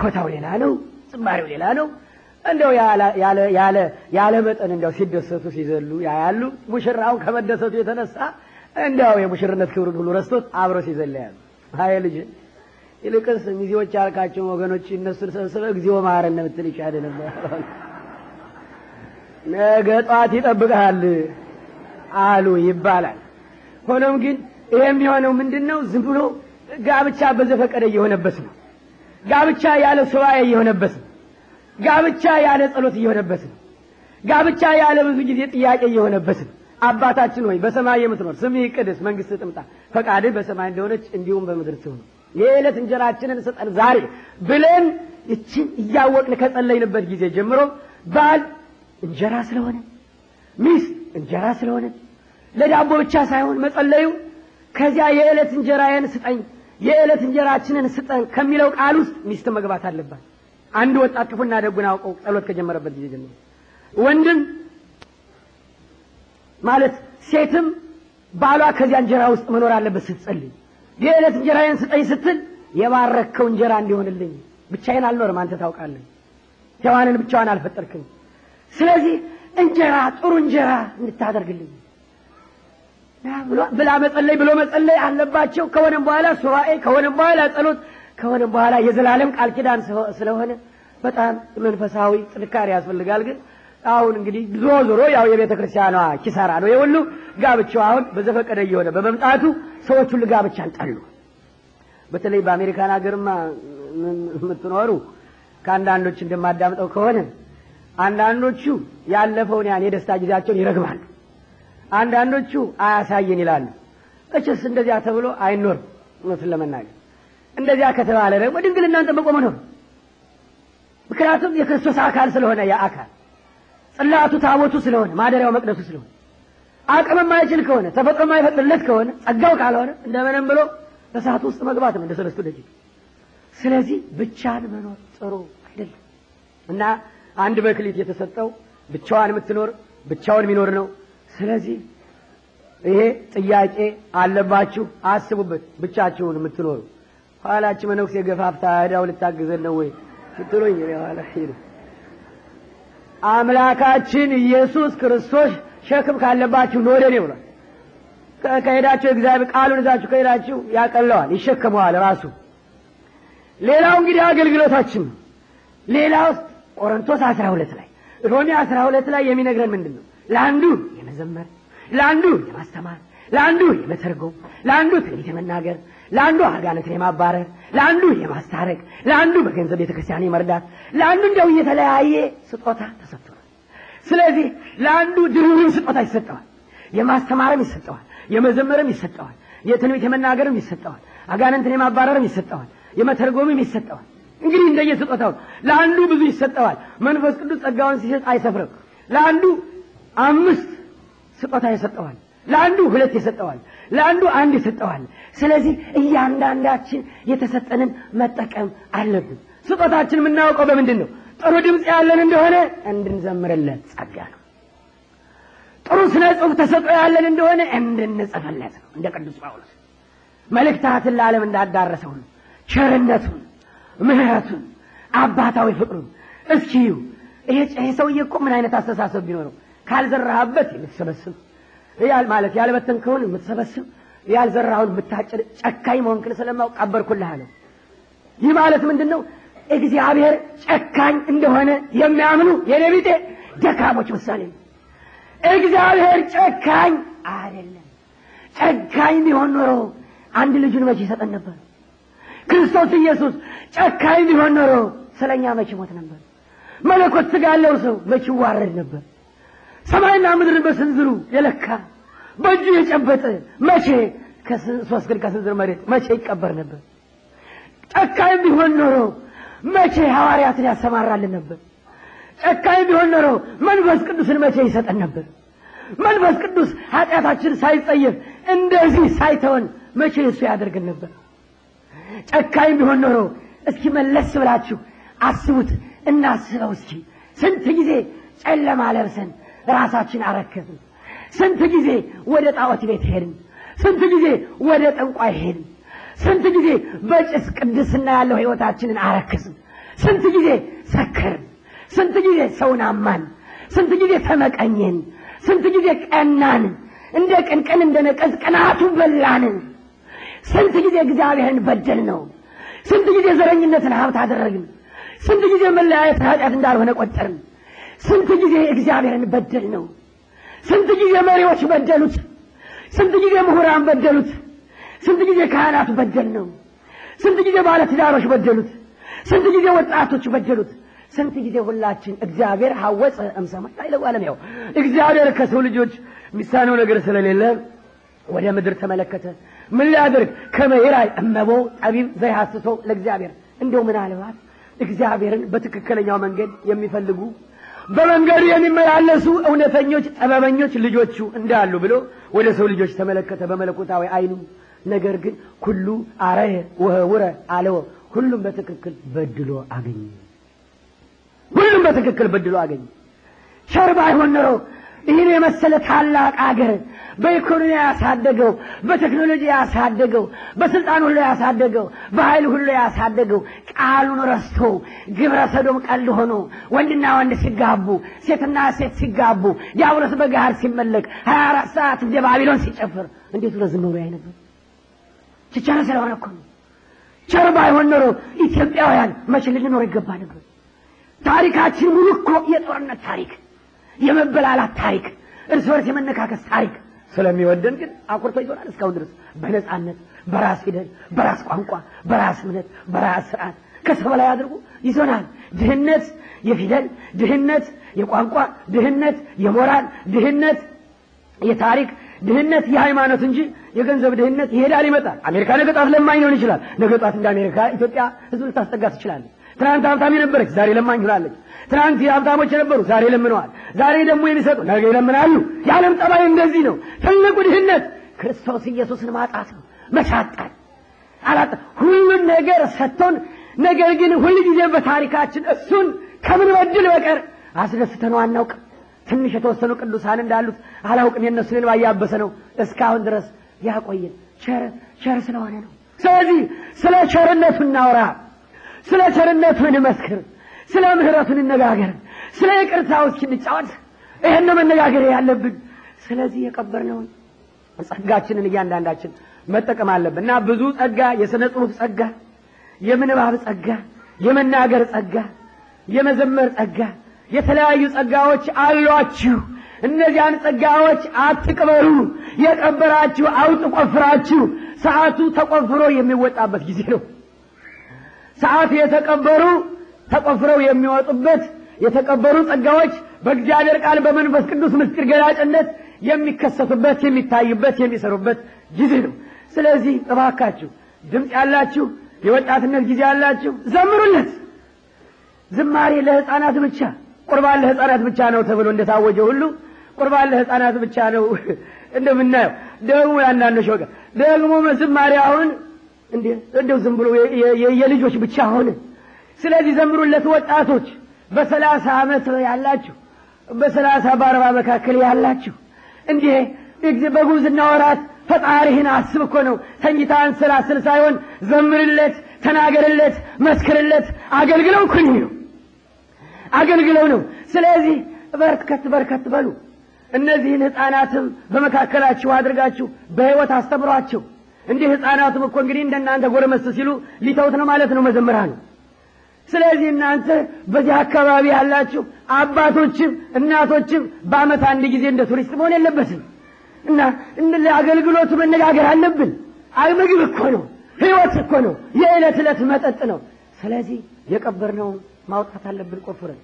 ሆታው ሌላ ነው፣ ጽማሬው ሌላ ነው። እንደው ያለ ያለ ያለ መጠን እንደው ሲደሰቱ ሲዘሉ ያያሉ። ሙሽራውን ከመደሰቱ የተነሳ እንደው የሙሽርነት ክብሩን ሁሉ ረስቶት አብሮ ሲዘል ያሉ። አይ ልጅ ይልቅስ ሚዜዎች ያልካቸውን ወገኖች እነሱን ሰብስበ እግዚኦ መሐረነ ብትል ይቻል ነበር። ነገ ጠዋት ይጠብቃል አሉ ይባላል። ሆኖም ግን ይሄ የሚሆነው ምንድን ነው? ዝም ብሎ ጋብቻ በዘፈቀደ እየሆነበት ነው። ጋብቻ ያለ ሱባኤ እየሆነበት ነው። ጋብቻ ያለ ጸሎት እየሆነበት ነው። ጋብቻ ያለ ብዙ ጊዜ ጥያቄ እየሆነበት ነው። አባታችን ሆይ በሰማይ የምትኖር ስምህ ይቀደስ፣ መንግስት ትምጣ፣ ፈቃድህ በሰማይ እንደሆነች እንዲሁም በምድር ትሁን፣ የዕለት እንጀራችንን ስጠን ዛሬ ብለን ይችን እያወቅን ከጸለይንበት ጊዜ ጀምሮ ባል እንጀራ ስለሆነ ሚስት እንጀራ ስለሆነ ለዳቦ ብቻ ሳይሆን መጸለዩ ከዚያ የዕለት እንጀራዬን ስጠኝ የዕለት እንጀራችንን ስጠን ከሚለው ቃል ውስጥ ሚስት መግባት አለባት። አንድ ወጣት ክፉና ደጉን አውቀው ጸሎት ከጀመረበት ጊዜ ጀምሮ ወንድም ማለት ሴትም ባሏ ከዚያ እንጀራ ውስጥ መኖር አለበት ስትጸልይ። የዕለት እንጀራዬን ስጠኝ ስትል የባረከው እንጀራ እንዲሆንልኝ ብቻዬን አልኖርም፣ አንተ ታውቃለህ። ሔዋንን ብቻዋን አልፈጠርክም። ስለዚህ እንጀራ ጥሩ እንጀራ እንድታደርግልኝ ብላ መጸለይ ብሎ መጸለይ አለባቸው። ከሆነም በኋላ ሱራኤ ከሆነም በኋላ ጸሎት ከሆነ በኋላ የዘላለም ቃል ኪዳን ስለሆነ በጣም መንፈሳዊ ጥንካሬ ያስፈልጋል። ግን አሁን እንግዲህ ዞሮ ዞሮ ያው የቤተ ክርስቲያኗ ኪሳራ ነው የሁሉ ጋብቻው አሁን በዘፈቀደ እየሆነ በመምጣቱ ሰዎች ሁሉ ጋብቻን ጠሉ። በተለይ በአሜሪካን ሀገርማ የምትኖሩ ከአንዳንዶች እንደማዳምጠው ከሆነ አንዳንዶቹ ያለፈውን ያን የደስታ ጊዜያቸውን ይረግማሉ። አንዳንዶቹ አያሳየን ይላሉ። እችስ እንደዚያ ተብሎ አይኖርም እውነቱን ለመናገር እንደዚያ ከተባለ ደግሞ ድንግልናን ጠብቆ መኖር ምክንያቱም የክርስቶስ አካል ስለሆነ ያ አካል ጽላቱ ታቦቱ ስለሆነ ማደሪያው መቅደሱ ስለሆነ አቅም የማይችል ከሆነ ተፈጥሮ የማይፈቅድለት ከሆነ ጸጋው ካልሆነ እንደምንም ብሎ በእሳቱ ውስጥ መግባት ነው እንደ ሰለስቱ ደቂቅ። ስለዚህ ብቻን መኖር ጥሩ አይደለም እና አንድ በክሊት የተሰጠው ብቻዋን የምትኖር ብቻውን የሚኖር ነው። ስለዚህ ይሄ ጥያቄ አለባችሁ፣ አስቡበት። ብቻችሁን የምትኖሩ ኋላች መነኩሴ ገፋፍታ እዳው ልታግዘን ነው ወይ ስትሉኝ ኋላ ሂዱ። አምላካችን ኢየሱስ ክርስቶስ ሸክም ካለባችሁ ነው ወደኔ ብሏል። ከሄዳችሁ እግዚአብሔር ቃሉን እዛችሁ ከሄዳችሁ ያቀለዋል፣ ይሸከመዋል ራሱ። ሌላው እንግዲህ አገልግሎታችን ነው። ሌላ ውስጥ ቆሮንቶስ አስራ ሁለት ላይ ሮሜ አስራ ሁለት ላይ የሚነግረን ምንድን ነው? ለአንዱ የመዘመር፣ ለአንዱ የማስተማር፣ ለአንዱ የመተርጎም፣ ለአንዱ ትንቢት የመናገር፣ ለአንዱ አጋንንትን የማባረር ለአንዱ የማስታረቅ ለአንዱ በገንዘብ ቤተክርስቲያን ክርስቲያን የመርዳት ለአንዱ እንዲያው የተለያየ ስጦታ ተሰጥቷል። ስለዚህ ለአንዱ ድሩሩን ስጦታ ይሰጠዋል። የማስተማርም ይሰጠዋል፣ የመዘመርም ይሰጠዋል፣ የትንቢት የመናገርም ይሰጠዋል፣ አጋንንትን የማባረርም ይሰጠዋል፣ የመተርጎምም ይሰጠዋል። እንግዲህ እንደየ ስጦታው ለአንዱ ብዙ ይሰጠዋል። መንፈስ ቅዱስ ጸጋውን ሲሰጥ አይሰፍርም። ለአንዱ አምስት ስጦታ ይሰጠዋል። ለአንዱ ሁለት የሰጠዋል፣ ለአንዱ አንድ የሰጠዋል። ስለዚህ እያንዳንዳችን የተሰጠንን መጠቀም አለብን። ስጦታችን የምናውቀው በምንድን ነው? ጥሩ ድምፅ ያለን እንደሆነ እንድንዘምርለት ጸጋ ነው። ጥሩ ስነ ጽሁፍ ተሰጦ ያለን እንደሆነ እንድንጽፍለት ነው። እንደ ቅዱስ ጳውሎስ መልእክታትን ለዓለም እንዳዳረሰው ነው ቸርነቱን፣ ምህረቱን አባታዊ ፍቅሩን እስኪዩ። ይሄ ሰውዬ እኮ ምን አይነት አስተሳሰብ ቢኖረው ካልዘራሃበት የምትሰበስብ ያል ማለት ያልበተንከውን የምትሰበስብ ያልዘራኸውን የምታጭድ ጨካኝ መሆንክን ስለማውቅ ቀበርኩልህ አለው። ይህ ማለት ምንድን ነው? እግዚአብሔር ጨካኝ እንደሆነ የሚያምኑ የነቢጤ ደካሞች ምሳሌ ነው። እግዚአብሔር ጨካኝ አይደለም። ጨካኝ ቢሆን ኖሮ አንድ ልጁን መቼ ይሰጠን ነበር? ክርስቶስ ኢየሱስ ጨካኝ ቢሆን ኖሮ ስለኛ መቼ ሞት ነበር? መለኮት ስጋ ያለው ሰው መቼ ይዋረድ ነበር? ሰማይና ምድርን በስንዝሩ የለካ በእጁ የጨበጠ መቼ ሶስት ቀን ከስንዝር መሬት መቼ ይቀበር ነበር? ጨካኝ ቢሆን ኖሮ መቼ ሐዋርያትን ያሰማራልን ነበር? ጨካኝ ቢሆን ኖሮ መንፈስ ቅዱስን መቼ ይሰጠን ነበር? መንፈስ ቅዱስ ኃጢአታችን ሳይጸየፍ እንደዚህ ሳይተወን መቼ እሱ ያደርግን ነበር? ጨካኝ ቢሆን ኖሮ እስኪ መለስ ብላችሁ አስቡት፣ እናስበው እስኪ ስንት ጊዜ ጨለማ ለብሰን ራሳችን አረከዝን። ስንት ጊዜ ወደ ጣዖት ቤት ሄድን። ስንት ጊዜ ወደ ጠንቋይ ሄድን። ስንት ጊዜ በጭስ ቅድስና ያለው ሕይወታችንን አረከስን። ስንት ጊዜ ሰከርን። ስንት ጊዜ ሰውን አማን። ስንት ጊዜ ተመቀኘን። ስንት ጊዜ ቀናን። እንደ ቅንቅን እንደ ነቀዝ ቀናቱ በላን። ስንት ጊዜ እግዚአብሔርን በደል ነው። ስንት ጊዜ ዘረኝነትን ሀብት አደረግን። ስንት ጊዜ መለያየት ኃጢአት እንዳልሆነ ቆጠርን። ስንት ጊዜ እግዚአብሔርን በደል ነው። ስንት ጊዜ መሪዎች በደሉት። ስንት ጊዜ ምሁራን በደሉት። ስንት ጊዜ ካህናት በደል ነው። ስንት ጊዜ ባለትዳሮች በደሉት። ስንት ጊዜ ወጣቶች በደሉት። ስንት ጊዜ ሁላችን እግዚአብሔር ሐወፀ እምሰማይ ላዕለ ዓለም ያው እግዚአብሔር ከሰው ልጆች የሚሳነው ነገር ስለሌለ ወደ ምድር ተመለከተ። ምን ሊያደርግ ከመይራይ እመቦ ጠቢብ ዘይሐስሶ ለእግዚአብሔር እንደው ምናልባት እግዚአብሔርን በትክክለኛው መንገድ የሚፈልጉ በመንገዱ የሚመላለሱ እውነተኞች ጠበበኞች ልጆቹ እንዳሉ ብሎ ወደ ሰው ልጆች ተመለከተ በመለኮታዊ አይኑ። ነገር ግን ሁሉ አረየ ወህውረ አለወ፣ ሁሉም በትክክል በድሎ አገኘ። ሁሉም በትክክል በድሎ አገኘ። ቸር ባይሆን ኖሮ ይህን የመሰለ ታላቅ አገር በኢኮኖሚ ያሳደገው፣ በቴክኖሎጂ ያሳደገው፣ በስልጣን ሁሉ ያሳደገው፣ በኃይል ሁሉ ያሳደገው ቃሉን ረስቶ ግብረ ሰዶም ቀልድ ሆኖ ወንድና ወንድ ሲጋቡ፣ ሴትና ሴት ሲጋቡ፣ ዲያብሎስ በጋር ሲመለክ ሀያ አራት ሰዓት እንደ ባቢሎን ሲጨፍር እንዴት ዝም ብሎ አይነበር? ችቻለ ስለሆነ እኮ ነው። ቸር ባይሆን ኖሮ ኢትዮጵያውያን መቼ ልንኖር ይገባ ነበር። ታሪካችን ሙሉ እኮ የጦርነት ታሪክ፣ የመበላላት ታሪክ፣ እርስ በርስ የመነካከስ ታሪክ ስለሚወደን ግን አኩርቶ ይዞራል። እስካሁን ድረስ በነፃነት በራስ ፊደል፣ በራስ ቋንቋ፣ በራስ እምነት፣ በራስ ስርዓት ከሰው በላይ አድርጎ ይዞናል። ድህነት የፊደል ድህነት፣ የቋንቋ ድህነት፣ የሞራል ድህነት፣ የታሪክ ድህነት፣ የሃይማኖት እንጂ የገንዘብ ድህነት ይሄዳል ይመጣል። አሜሪካ ነገ ጧት ለማኝ ሊሆን ይችላል። ነገ እንደ አሜሪካ ኢትዮጵያ ህዝብ ልታስጠጋ ትችላለች። ትናንት ሀብታም የነበረች ዛሬ ለማኝ ሆናለች። ትናንት ሀብታሞች የነበሩ ዛሬ ለምነዋል። ዛሬ ደግሞ የሚሰጡ ነገ ይለምናሉ። የዓለም ጠባይ እንደዚህ ነው። ትልቁ ድህነት ክርስቶስ ኢየሱስን ማጣት ነው። መሳጣል አላጣ ሁሉን ነገር ሰጥቶን፣ ነገር ግን ሁል ጊዜ በታሪካችን እሱን ከምን በድል በቀር አስደስተን አናውቅም። ትንሽ የተወሰኑ ቅዱሳን እንዳሉት አላውቅም። የእነሱን ልባ እያበሰ ነው እስካሁን ድረስ ያቆየን ቸር ቸር ስለሆነ ነው። ስለዚህ ስለ ቸርነቱ እናውራ። ስለ ቸርነቱ እንመስክር፣ ስለ ምሕረቱ እንነጋገር፣ ስለ ይቅርታው እንጫወት። ይሄን ነው መነጋገር ያለብን። ስለዚህ የቀበርነውን ጸጋችንን እያንዳንዳችን መጠቀም አለብን እና ብዙ ጸጋ፣ የሥነ ጽሑፍ ጸጋ፣ የምንባብ ጸጋ፣ የመናገር ጸጋ፣ የመዘመር ጸጋ፣ የተለያዩ ጸጋዎች አሏችሁ። እነዚያን ጸጋዎች አትቅበሩ። የቀበራችሁ አውጥ ቆፍራችሁ። ሰዓቱ ተቆፍሮ የሚወጣበት ጊዜ ነው። ሰዓት የተቀበሩ ተቆፍረው የሚወጡበት የተቀበሩ ጸጋዎች በእግዚአብሔር ቃል በመንፈስ ቅዱስ ምስጢር ገላጭነት የሚከሰቱበት የሚታዩበት የሚሰሩበት ጊዜ ነው። ስለዚህ እባካችሁ ድምፅ ያላችሁ የወጣትነት ጊዜ ያላችሁ ዘምሩለት። ዝማሬ ለህፃናት ብቻ ቁርባን ለህፃናት ብቻ ነው ተብሎ እንደታወጀ ሁሉ ቁርባን ለህፃናት ብቻ ነው እንደምናየው ደግሞ ያንዳንዶች ወገን ደግሞ ዝማሬ አሁን እንዴ እንደው ዝም ብሎ የልጆች ብቻ ሆነ። ስለዚህ ዘምሩለት ወጣቶች፣ በሰላሳ ዓመት ያላችሁ፣ በሰላሳ በአርባ መካከል ያላችሁ እንዲህ በጉብዝና ወራት ፈጣሪህን አስብ እኮ ነው። ተኝታ አንሰላስል ሳይሆን ዘምርለት፣ ተናገርለት፣ መስክርለት። አገልግለው ኩኝ ነው አገልግለው ነው። ስለዚህ በርከት በርከት በሉ። እነዚህን ህፃናትም በመካከላችሁ አድርጋችሁ በህይወት አስተምሯቸው። እንዲህ ህፃናቱም እኮ እንግዲህ እንደናንተ ጎረመስ ሲሉ ሊተውት ነው ማለት ነው መዘምራኑ። ስለዚህ እናንተ በዚህ አካባቢ ያላችሁ አባቶችም እናቶችም በአመት አንድ ጊዜ እንደ ቱሪስት መሆን የለበትም እና አገልግሎቱ መነጋገር አለብን። ምግብ እኮ ነው፣ ህይወት እኮ ነው፣ የዕለት ዕለት መጠጥ ነው። ስለዚህ የቀበርነው ማውጣት አለብን ቆፍረን።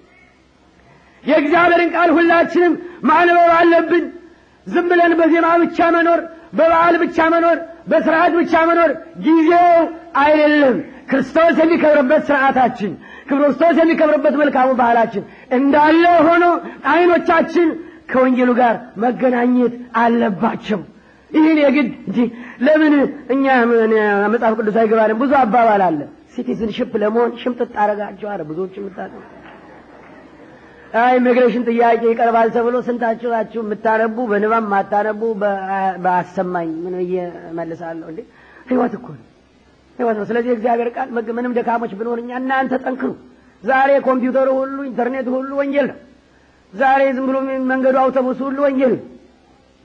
የእግዚአብሔርን ቃል ሁላችንም ማንበብ አለብን። ዝም ብለን በዜማ ብቻ መኖር፣ በበዓል ብቻ መኖር በስርዓት ብቻ መኖር ጊዜው አይደለም። ክርስቶስ የሚከብርበት ስርዓታችን፣ ክርስቶስ የሚከብርበት መልካሙ ባህላችን እንዳለ ሆኖ አይኖቻችን ከወንጌሉ ጋር መገናኘት አለባቸው። ይህን የግድ እንጂ ለምን እኛ መጽሐፍ ቅዱስ አይገባንም? ብዙ አባባል አለ። ሲቲዝን ሽፕ ለመሆን ሽምጥጥ አረጋቸው አለ ብዙዎች ምታ ኢሚግሬሽን ጥያቄ ይቀርባል ተብሎ ስንታችሁ ናችሁ የምታነቡ በንባብ ማታነቡ በአሰማኝ ምን ብዬ መልሳለሁ እንዴ? ህይወት እኮ ነው ህይወት ነው። ስለዚህ እግዚአብሔር ቃል ምንም ደካሞች ብንሆን እኛ እናንተ ጠንክሩ። ዛሬ ኮምፒውተሩ ሁሉ ኢንተርኔት ሁሉ ወንጀል ነው። ዛሬ ዝም ብሎ መንገዱ አውቶቡስ ሁሉ ወንጀል ነው።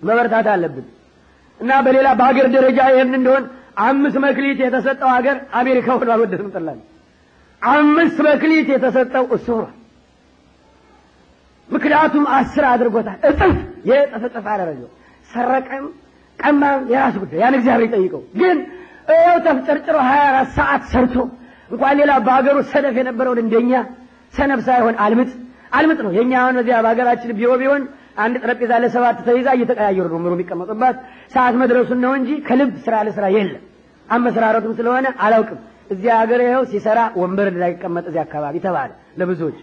መበርታት አለብን እና በሌላ በሀገር ደረጃ ይህን እንደሆን አምስት መክሊት የተሰጠው ሀገር አሜሪካ ሆኖ አልወደድም ጥላለ አምስት መክሊት የተሰጠው እሱ ሆኗል። ምክንያቱም አስር አድርጎታል። እጥፍ የእጥፍ እጥፍ አደረገው። ሰረቀም ቀማም የራሱ ጉዳይ፣ ያን እግዚአብሔር ይጠይቀው። ግን ተፍጨርጭሮ ሀያ አራት ሰዓት ሰርቶ እንኳን ሌላ በሀገሩ ሰነፍ የነበረውን እንደኛ ሰነፍ ሳይሆን አልምጥ አልምጥ ነው የእኛ አሁን በዚያ በሀገራችን ቢሮ ቢሆን አንድ ጠረጴዛ ለሰባት ተይዛ እየተቀያየሩ ነው ምሩ የሚቀመጡባት ሰዓት መድረሱን ነው እንጂ ከልብ ስራ ለስራ የለም። አመሰራረቱም ስለሆነ አላውቅም። እዚያ ሀገር ይኸው ሲሰራ ወንበር እንዳይቀመጥ እዚያ አካባቢ ተባለ ለብዙዎች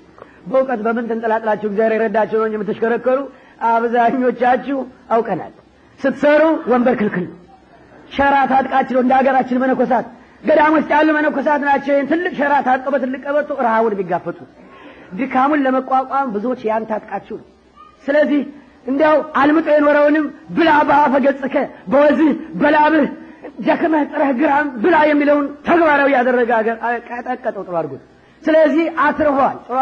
በእውቀት በምን ትንጠላጥላችሁ? እግዚአብሔር የረዳችሁ ነው እንጂ የምትሽከረከሩ አብዛኞቻችሁ አውቀናል። ስትሰሩ ወንበር ክልክል ነው፣ ሸራ ታጥቃችሁ እንደ ሀገራችን መነኮሳት ገዳሞች ያሉ መነኮሳት ናቸው። ይህን ትልቅ ሸራ ታጥቀው በትልቅ ቀበቶ ረሃቡን የሚጋፈጡ ድካሙን ለመቋቋም ብዙዎች ያን ታጥቃችሁ ነው። ስለዚህ እንዲያው አልምጦ የኖረውንም ብላ በአፈ ገጽከ በወዚህ በላብህ ደክመህ ጥረህ ግራም ብላ የሚለውን ተግባራዊ ያደረገ ሀገር ቀጠቀጠው ጥሩ አድርጎት ስለዚህ አትርፏል። ጥሩ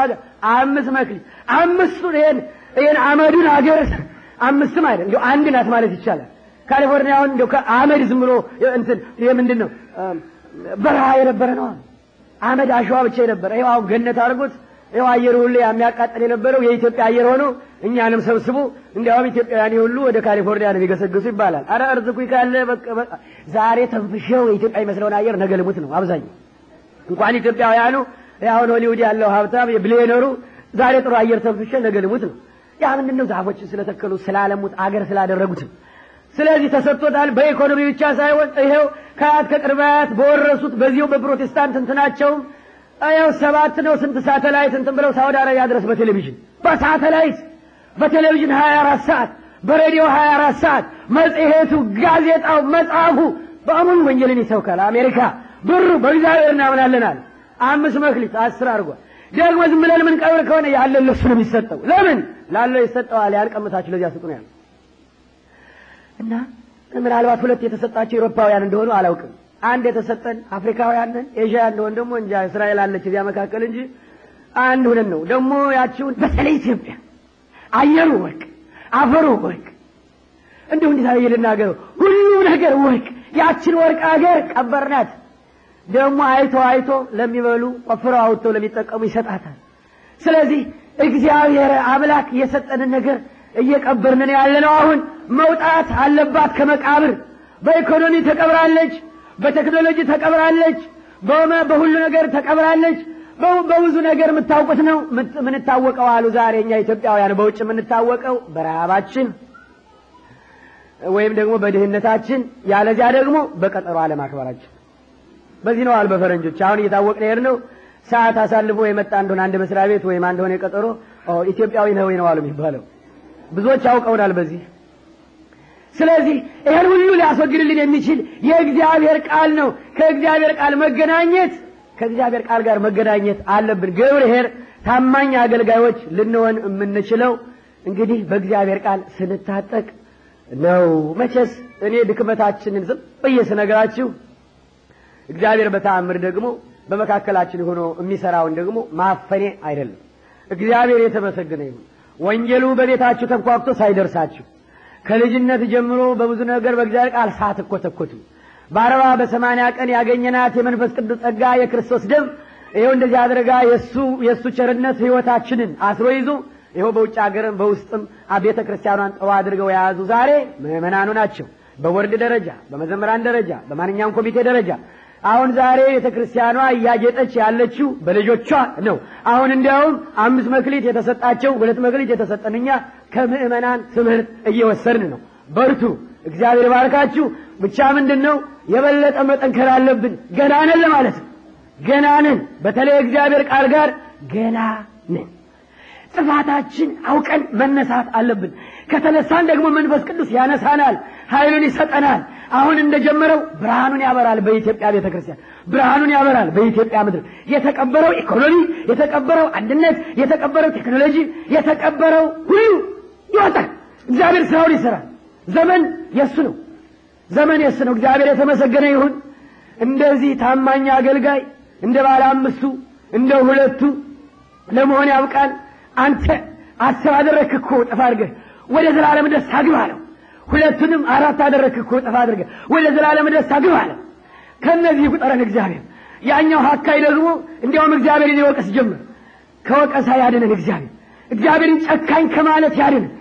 አምስት መክሊት አምስቱን ይሄን ይሄን አመዱን ሀገር አምስትም አይደል እንዴ አንድ ናት ማለት ይቻላል። ካሊፎርኒያውን እንዴ ከአመድ ዝም ብሎ እንትን ይሄ ምንድን ነው በረሃ የነበረ ነው። አመድ አሸዋ ብቻ የነበረ ይሄው አሁን ገነት አድርጎት ይኸው አየር ሁሉ የሚያቃጥል የነበረው የኢትዮጵያ አየር ሆኖ እኛንም ሰብስቡ እንዲያውም ኢትዮጵያውያን ሁሉ ወደ ካሊፎርኒያ ነው የሚገሰግሱ ይባላል። አረ እርዝኩ ካለ ዛሬ ተንፍሸው የኢትዮጵያ ይመስለውን አየር ነገ ልሙት ነው አብዛኛው። እንኳን ኢትዮጵያውያኑ አሁን ሆሊውድ ያለው ሀብታም የብሌነሩ ዛሬ ጥሩ አየር ተንፍሼ ነገ ልሙት ነው። ያ ምንድነው? ዛፎችን ስለተከሉ ስላለሙት አገር ስላደረጉት። ስለዚህ ተሰጥቶታል። በኢኮኖሚ ብቻ ሳይሆን ይሄው ከአያት ከቅርብ አያት በወረሱት በዚሁ በፕሮቴስታንት እንትናቸውም ያው ሰባት ነው ስንት ሳተላይት እንትን ብለው ሳውዲ አረቢያ ድረስ በቴሌቪዥን በሳተላይት በቴሌቪዥን 24 ሰዓት በሬዲዮ 24 ሰዓት መጽሔቱ፣ ጋዜጣው፣ መጽሐፉ በሙሉ ወንጌልን ይሰብካል። አሜሪካ ብሩ በእግዚአብሔር እናምናለናል አምስት መክሊት አስር አድርጓል። ደግሞ ዝም ብለን ምን ቀብር ከሆነ ያለ ለሱ ነው የሚሰጠው። ለምን ላለው ይሰጠዋል። ያልቀምታችሁ ለዚያ ስጡ ነው ያለው እና ምናልባት ሁለት የተሰጣቸው ኤሮፓውያን እንደሆኑ አላውቅም። አንድ የተሰጠን አፍሪካውያን ነን። ኤዥያ እንደሆን ደግሞ እንጃ እስራኤል አለች እዚያ መካከል እንጂ አንድ ሁለት ነው። ደግሞ ያቺውን በተለይ ኢትዮጵያ አየሩ ወርቅ፣ አፈሩ ወርቅ፣ እንዲሁ እንዴት አየ ልናገረው ሁሉ ነገር ወርቅ። ያችን ወርቅ አገር ቀበርናት። ደግሞ አይቶ አይቶ ለሚበሉ ቆፍረው አውጥተው ለሚጠቀሙ ይሰጣታል። ስለዚህ እግዚአብሔር አምላክ የሰጠንን ነገር እየቀበርን ነው ያለነው። አሁን መውጣት አለባት ከመቃብር። በኢኮኖሚ ተቀብራለች፣ በቴክኖሎጂ ተቀብራለች፣ በሁሉ ነገር ተቀብራለች። በብዙ ነገር የምታውቁት ነው የምንታወቀው አሉ። ዛሬ እኛ ኢትዮጵያውያን በውጭ የምንታወቀው በረሃባችን ወይም ደግሞ በድህነታችን፣ ያለዚያ ደግሞ በቀጠሮ አለማክበራችን በዚህ ነው አል በፈረንጆች አሁን እየታወቅ ነው ያለው። ሰዓት አሳልፎ የመጣ እንደሆነ አንድ መስሪያ ቤት ወይም አንድ ሆነ የቀጠሮ ኢትዮጵያዊ ነው ወይ ነው አሉ የሚባለው። ብዙዎች አውቀውናል በዚህ። ስለዚህ ይሄን ሁሉ ሊያስወግድልን የሚችል የእግዚአብሔር ቃል ነው። ከእግዚአብሔር ቃል መገናኘት ከእግዚአብሔር ቃል ጋር መገናኘት አለብን። ገብርሔር ታማኝ አገልጋዮች ልንሆን የምንችለው እንግዲህ በእግዚአብሔር ቃል ስንታጠቅ ነው። መቼስ እኔ ድክመታችንን ዝም ብዬ ስነግራችሁ እግዚአብሔር በተአምር ደግሞ በመካከላችን ሆኖ የሚሰራውን ደግሞ ማፈኔ አይደለም። እግዚአብሔር የተመሰገነ ይሁን። ወንጌሉ በቤታችሁ ተንኳኩቶ ሳይደርሳችሁ ከልጅነት ጀምሮ በብዙ ነገር በእግዚአብሔር ቃል ሳትኮተኮቱ በአርባ በሰማንያ ቀን ያገኘናት የመንፈስ ቅዱስ ጸጋ የክርስቶስ ደም ይኸው እንደዚህ አድርጋ የእሱ ቸርነት ሕይወታችንን አስሮ ይዞ ይኸው በውጭ አገርም በውስጥም ቤተ ክርስቲያኗን ጠዋ አድርገው የያዙ ዛሬ ምዕመናኑ ናቸው። በቦርድ ደረጃ፣ በመዘምራን ደረጃ፣ በማንኛውም ኮሚቴ ደረጃ አሁን ዛሬ ቤተ ክርስቲያኗ እያጌጠች ያለችው በልጆቿ ነው። አሁን እንዲያውም አምስት መክሊት የተሰጣቸው ሁለት መክሊት የተሰጠንኛ ከምዕመናን ትምህርት እየወሰድን ነው። በርቱ፣ እግዚአብሔር ባርካችሁ። ብቻ ምንድን ነው የበለጠ መጠንከር አለብን። ገና ነን ለማለት ነው። ገና ነን፣ በተለይ እግዚአብሔር ቃል ጋር ገና ነን። ጥፋታችን አውቀን መነሳት አለብን። ከተነሳን ደግሞ መንፈስ ቅዱስ ያነሳናል። ኃይሉን ይሰጠናል። አሁን እንደጀመረው ብርሃኑን ያበራል በኢትዮጵያ ቤተ ክርስቲያን፣ ብርሃኑን ያበራል በኢትዮጵያ ምድር። የተቀበረው ኢኮኖሚ፣ የተቀበረው አንድነት፣ የተቀበረው ቴክኖሎጂ፣ የተቀበረው ሁሉ ይወጣል። እግዚአብሔር ስራውን ይሰራል። ዘመን የሱ ነው። ዘመን የእሱ ነው። እግዚአብሔር የተመሰገነ ይሁን። እንደዚህ ታማኝ አገልጋይ እንደ ባለ አምስቱ እንደ ሁለቱ ለመሆን ያብቃል። አንተ አስብ አደረክ እኮ ጥፋ አድርገህ ወደ ዘላለም ደስ አግባ ነው። ሁለቱንም አራት አደረክ እኮ ጠፋ አድርገ ወደ ዘላለም ደስታ ግብ አለ። ከእነዚህ ቁጠረን እግዚአብሔር። ያኛው ሀካይ ደግሞ እንዲያውም እግዚአብሔርን ይወቀስ ጀምር። ከወቀሳ ያድነን እግዚአብሔር። እግዚአብሔርን ጨካኝ ከማለት ያድነን።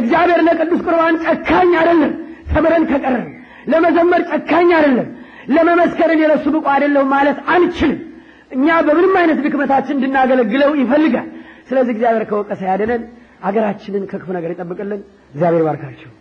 እግዚአብሔር ለቅዱስ ቁርባን ጨካኝ አይደለም። ተምረን ከቀረን ለመዘመር ጨካኝ አይደለም። ለመመስከርን የለሱ ብቁ አይደለሁም ማለት አንችልም። እኛ በምንም አይነት ድክመታችን እንድናገለግለው ይፈልጋል። ስለዚህ እግዚአብሔር ከወቀሳ ያድነን። አገራችንን ከክፉ ነገር ይጠብቅልን። እግዚአብሔር ባርካቸው።